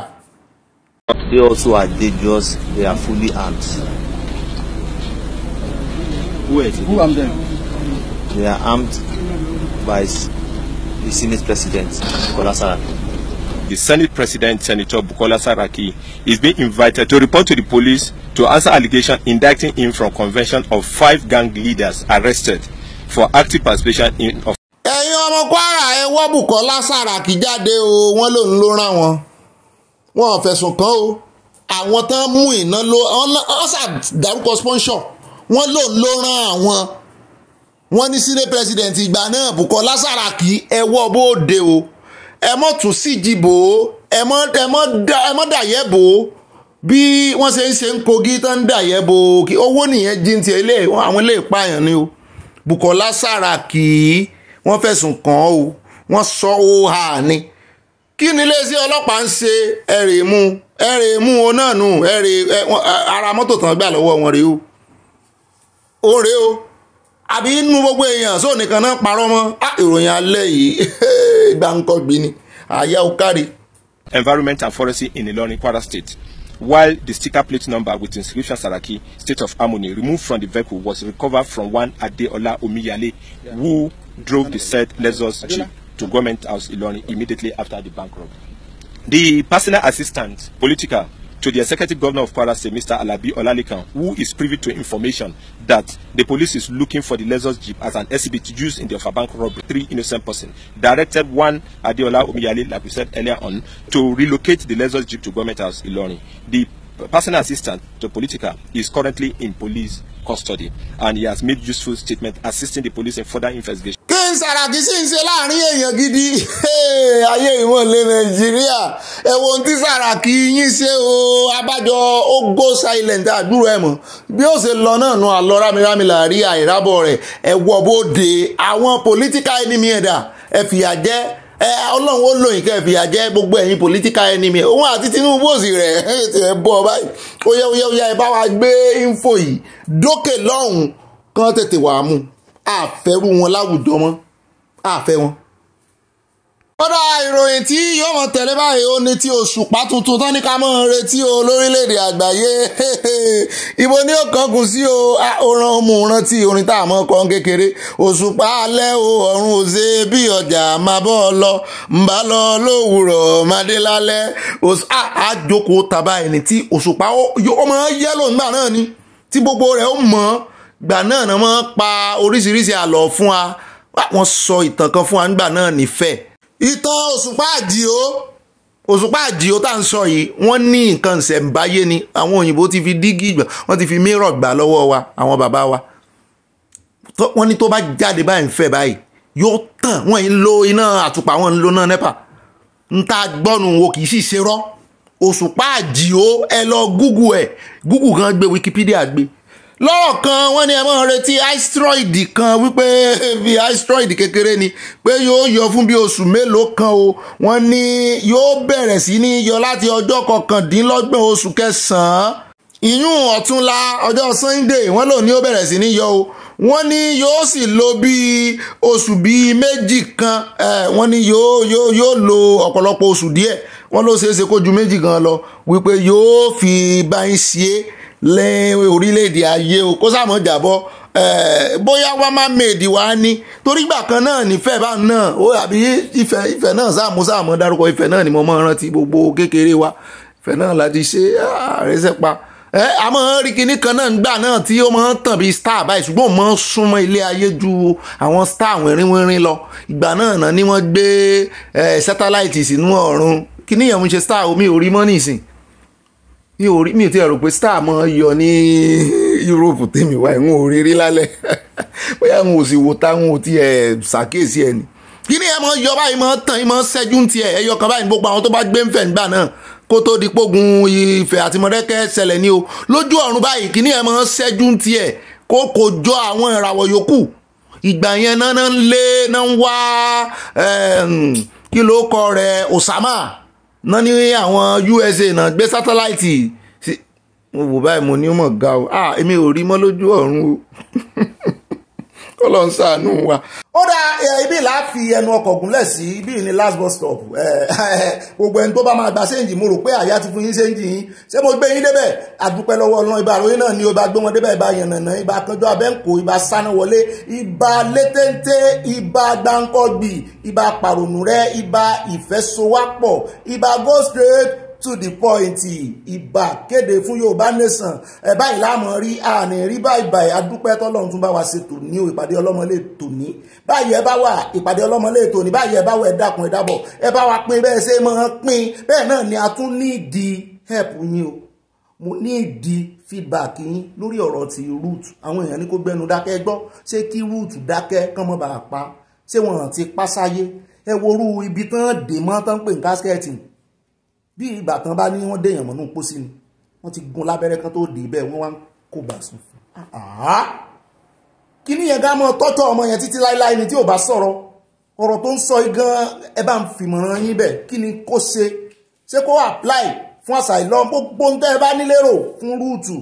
They also are dangerous. They are fully armed. Who are armed them? They are armed by the Senate President Bukola Saraki. The Senate President Senator Bukola Saraki is being invited to report to the police to answer allegations indicting him from convention of five gang leaders arrested for active participation in. ẹ̀yin ọmọ Kwara ẹ wọ́ Bukola Saraki jáde o wọ́n lòun ló rán wọn wọn ò fẹ̀sùn kàn o àwọn tán mú iná ló ọ̀sà dárúkọ sponsor wọn lòun ló rán àwọn wọn ní sílé president ìgbà náà Bùkọ́lá Sàràkí ẹ wọ́ bóde o ẹ mọ̀ tún síjì bò ó ẹ mọ̀ dàyẹ̀ bò ó bí wọ́n ṣe ń ṣe ń kogi tán ń dàyẹ̀ bò ó owó nìyẹn jí ń tiẹ̀ ilé àwọn ilé ìpààyàn ni o Bùkọ́lá Sàràkí wọ́n fẹ̀sùn kàn o wọ́n sọ ó hà ni kí ni iléeṣẹ́ ọlọ́pàá ń ṣe ẹ̀rì mú ẹ̀rì mú wọn náà nù ẹ̀rì ara mọ́tò tán gbà lọ́wọ́ wọn rèé o ó o àbí inú gbogbo èèyàn sóò nìkan náà parọ́ mọ́ ìròyìn alẹ́ yìí gbáǹkọ́gbì ni àyà ó kárí. Environment and Forestry in Ilorin, Kwara State. While the sticker plate number with inscription Saraki, State of Harmony, removed from the vehicle was recovered from one Adeola Omiyale, yeah. who drove the said Lexus Jeep to Government House Ilorin immediately after the bank robbery. The personal assistant, political, to the Executive Governor of Kwara State, Mr. Alabi Olalikan, who is privy to information that the police is looking for the Lexus Jeep as an exhibit used in the bank robbery. Three innocent persons directed one Adeola Omiyale, like we said earlier on, to relocate the Lexus Jeep to Government House Ilorin. The personal assistant to political is currently in police custody and he has made useful statement assisting the police in further investigation ń Sàràkí sì ń ṣe láàrin èèyàn gidi ayé ìmọ̀lẹ̀ Nàìjíríà ẹ wo ohun tí Sàràkí yín ṣe o abájọ ó go silent àdúrò ẹ mọ̀ bí ó ṣe lọ náà nu àlọ́ rámirámi làárí àìrábọ̀ rẹ̀ ẹ bóde àwọn political enemy ẹ̀dà ẹ fìyà jẹ́ ẹ ọlọ́run ó lòyìn kẹfì àjẹ́ gbogbo ẹ̀yin political enemy òun àti Tinubu òsì rẹ̀ ètò ẹ̀ bọ̀ báyìí ó yẹ ó yẹ ó yẹ ẹ bá wa gbé àfẹ́rú wọn láwùjọ mọ́ àfẹ́ wọn. kódà ìròyìn tí yóò mọ̀ tẹ̀lé báyìí ó ní ti òṣùpá tuntun tán ní ká mọ̀ ń retí o lórílẹ̀‐èdè àgbáyé ibo ni ó kankun sí o ọ̀ràn ọmọ rántí orin tá a mọ̀ kọ́ kékeré òṣùpá alẹ́ o ọ̀run òṣè bí ọjà máa bọ́ ọ lọ ń bá lọ lówùrọ̀ màdé lálẹ́ àjòkó tàbá ẹni tí òṣùpá yóò máa yẹ́lò nígbà náà ni tí gbogbo rẹ̀ ó mọ̀ ọ́ gbà náà ni wọ́n pa oríṣiríṣi àlọ́ fún wa wọ́n sọ ìtàn kan fún wa nígbà náà nífẹ̀ẹ́. ìtàn òṣùpá àdìo òṣùpá àdìo tá à ń sọ yìí wọ́n ní nǹkan ìṣẹ̀ǹbáyé ni àwọn òyìnbó ti fi dígí ìgbà wọ́n ti fi mírọ̀ gbà lọ́wọ́ wa àwọn bàbá wa wọ́n ní tó bá jáde báyìí ń fẹ́ báyìí yóò tàn wọ́n ń lo iná àtùpà wọ́n ń lo iná nẹ́pà ń ta gbọ́nu wo kì í sì ṣe rọ́ òṣùpá àdìo ẹ lọ Google ẹ Google gan gbé Wikipedia gbé lọ́rọ̀ kan wọ́n ní ẹ máa retí asteroid kan wípé bí asteroid kékeré ni pé yóò yọ fún bí oṣù mélòó kan o wọ́n ní yóò bẹ̀rẹ̀ sí ní yọ láti ọjọ́ kọkàndínlọ́gbọ̀n oṣù kẹsàn-án ìyún ọ̀túnla ọjọ́ Sunday wọ́n lò ní ó bẹ̀rẹ̀ sí ní yọ o wọ́n ní yóò sì lo bíi oṣù bíi méjì kan wọ́n ní yóò yóò yóò lo ọ̀pọ̀lọpọ̀ oṣù díẹ̀ wọ́n ló ṣeé ṣe kó ju méjì gan lọ wípé yóò fi báyìí ṣe é lẹ́ orílẹ̀-èdè ayé o kó sáà mọ̀ jàbọ́ bóyá wá máa mèdì wá ní torí ìgbà kan náà nífẹ̀ẹ́ bá náà ó àbí ìfẹ́ ìfẹ́ náà sáàmú sáàmú dárúkọ ìfẹ́ náà ni mo mọ̀ rántí gbogbo kékeré wa ìfẹ́ náà láti ṣe ààrẹ sẹ́pa ẹ àmọ́ rí kinní kan náà nígbà náà tí ó máa ń tàn bíi star báyìí ṣùgbọ́n ó máa ń súnmọ́ ilé ayé ju àwọn star wìnrínwìnrín lọ ìgbà náà náà ni wọ́n gbé satellite sínú ọ̀run kinní yẹn ń ṣe star omi ò mọ́ nìsín mi ò rí mi ò tí ẹ rò pé star mọ yọ ní Europe tèmi wá ìwọn ò rírí lálẹ́ bóyá n ò sì wò táwọn ò ti ẹ ṣàkíyèsí ẹ ni kí ni ẹ mọ yọ báyìí mọ tàn ẹ mọ ṣẹ́jú ń tiẹ ẹ yọ kan báyìí gbogbo àwọn tó bá gbé ń fẹ nígbà náà kó tó di pógun Ifẹ̀ àti Mọ̀dákẹ́kẹ́ ṣẹlẹ̀ ni o lójú ọ̀run báyìí kí ni ẹ mọ ṣẹ́jú ń tiẹ kó kò jọ àwọn ìràwọ̀ yòókù ìgbà yẹn náà ń lé náà ń wá kí ló kọ rẹ Osama náà ní àwọn USA náà gbé sátáláìtì sí mo wò báyìí mo ní mọ̀ ga o ah èmi ò rí mọ́ lójú ọ̀run o kọ́ ló ń wa ó dá eh, ibi ìlà fi ẹnu ọkọ̀ gúnlẹ̀ sí ibi ní last bus stop eh, gbogbo ẹni tó bá máa gba séǹjì mo rò pé àyà ti fún yín séǹjì yín ṣé mo gbé yín débẹ̀ àdúpẹ́ lọ́wọ́ ọlọ́run ibà àròyìn náà ni ó bá gbé wọn débẹ̀ ibà yànnànà ibà kanjọ́ abẹ́ǹkó ibà sáná wọlé ibà létéńté ibà gbáǹkọ́gbì ibà pàrònú rẹ ibà ìfẹ́sowápọ̀ ibà go straight to the point ìbà kéde fún yorùbá nation ẹ̀ báyìí láàmú rí àní rí báyìí báyìí adúpẹ́ tọ́lọ́run tún bá wa ṣètò ní o ìpàdé ọlọ́mọlé tòní báyìí ẹ bá wà ìpàdé ọlọ́mọlé tòní báyìí ẹ bá wà ẹ dákun ẹ dábọ̀ ẹ bá wa pín bẹ́ẹ̀ ṣe máa pín bẹ́ẹ̀ náà ni a tún ní ìdí help yín o mo ní ìdí feedback yín lórí ọ̀rọ̀ ti root àwọn èèyàn ní kó gbẹnu dákẹ́ gbọ́ ṣé kí root dákẹ́ kán mọ́ bàa pa ṣé wọ́n ti pa ẹ worú ibi tán dè mọ́ tán pè ní kásikẹ́ẹ̀tì bí ìgbà kan bá ní wọ́n déèyàn mọ́nú pósí ni wọ́n ti gun lábẹ́rẹ́ kan tó dì í bẹ́ẹ̀ wọ́n wá ń kó bá sùn fún ah. un. kí ni yẹn gá mọ́ tọ́tọ̀ ọmọ yẹn títí láéláé ni tí ò bá sọ̀rọ̀ ọ̀rọ̀ tó ń sọ igan ẹ bá ń fìmọ̀ràn yín bẹ̀ kí ni kó ṣe ṣé kó apply fún àṣà ìlọrin gbogbo ń tẹ́ ẹ bá nílérò fún rúùtù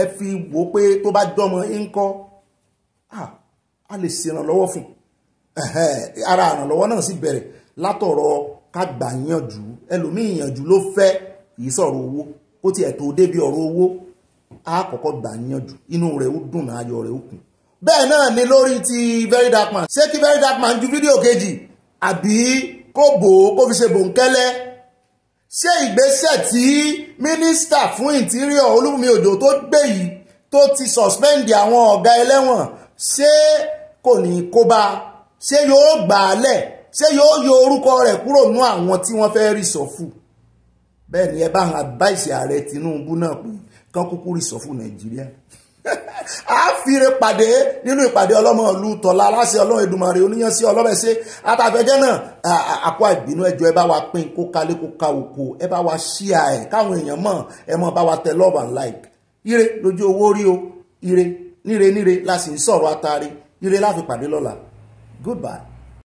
ẹ fi wò ó pé tó bá jọmọ ń kọ́ ah, a lè ṣèrànlọ́wọ́ fún ara ìrànlọ́wọ́ náà sì bẹ̀rẹ̀ látọ̀rọ̀ ká gbà yànjú ẹlòmíì yànjú ló fẹ́ kì í sọ̀rọ̀ owó kó tiẹ̀ tó débi ọ̀rọ̀ owó á kọ́kọ́ gbà yànjú inú rẹ̀ ó dùn náà ayọ̀ rẹ̀ ó kùn. bẹ́ẹ̀ náà ni lórí ti very dark man ṣé kí very dark man ju fídíò kejì àbí kó bò ó kó fi ṣe bòńkẹ́lẹ́ ṣé ìgbésẹ̀ tí mínísítà fún ìntírìọ̀ Olúbùnmi Òjó tó gbé yìí tó ti sọ̀spẹ́ǹdì àwọn ọ̀gá ẹlẹ́wọ̀n ṣé kò ní kó ṣé yóò gbà á lẹ̀ ṣé yóò yọ orúkọ rẹ̀ kúrò nú àwọn tí wọ́n fẹ́ rí sọ́fù bẹ́ẹ̀ ni ẹ bá àwọn advice ààrẹ Tinubu náà pé kán kúkú rí sọ́fù Nàìjíríà a fire pàdé nínú ìpàdé ọlọ́mọ ìlú tọ́lá aláṣẹ ọlọ́run Èdùmàrè oníyànṣẹ́ ọlọ́bẹ̀ṣẹ́ àtàfẹ́jẹ́ náà àpò àìbínú ẹjọ́ ẹ bá wa pín kó kalẹ̀ kó ka òkò ẹ bá wa ṣíà ẹ̀ káwọn èèyàn mọ̀ ẹ mọ̀ bá wa tẹ love and like ire lójú owó rí o ire níre níre la sì ń sọ̀rọ̀ atari ire láfi pàdé lọ́la goodbye.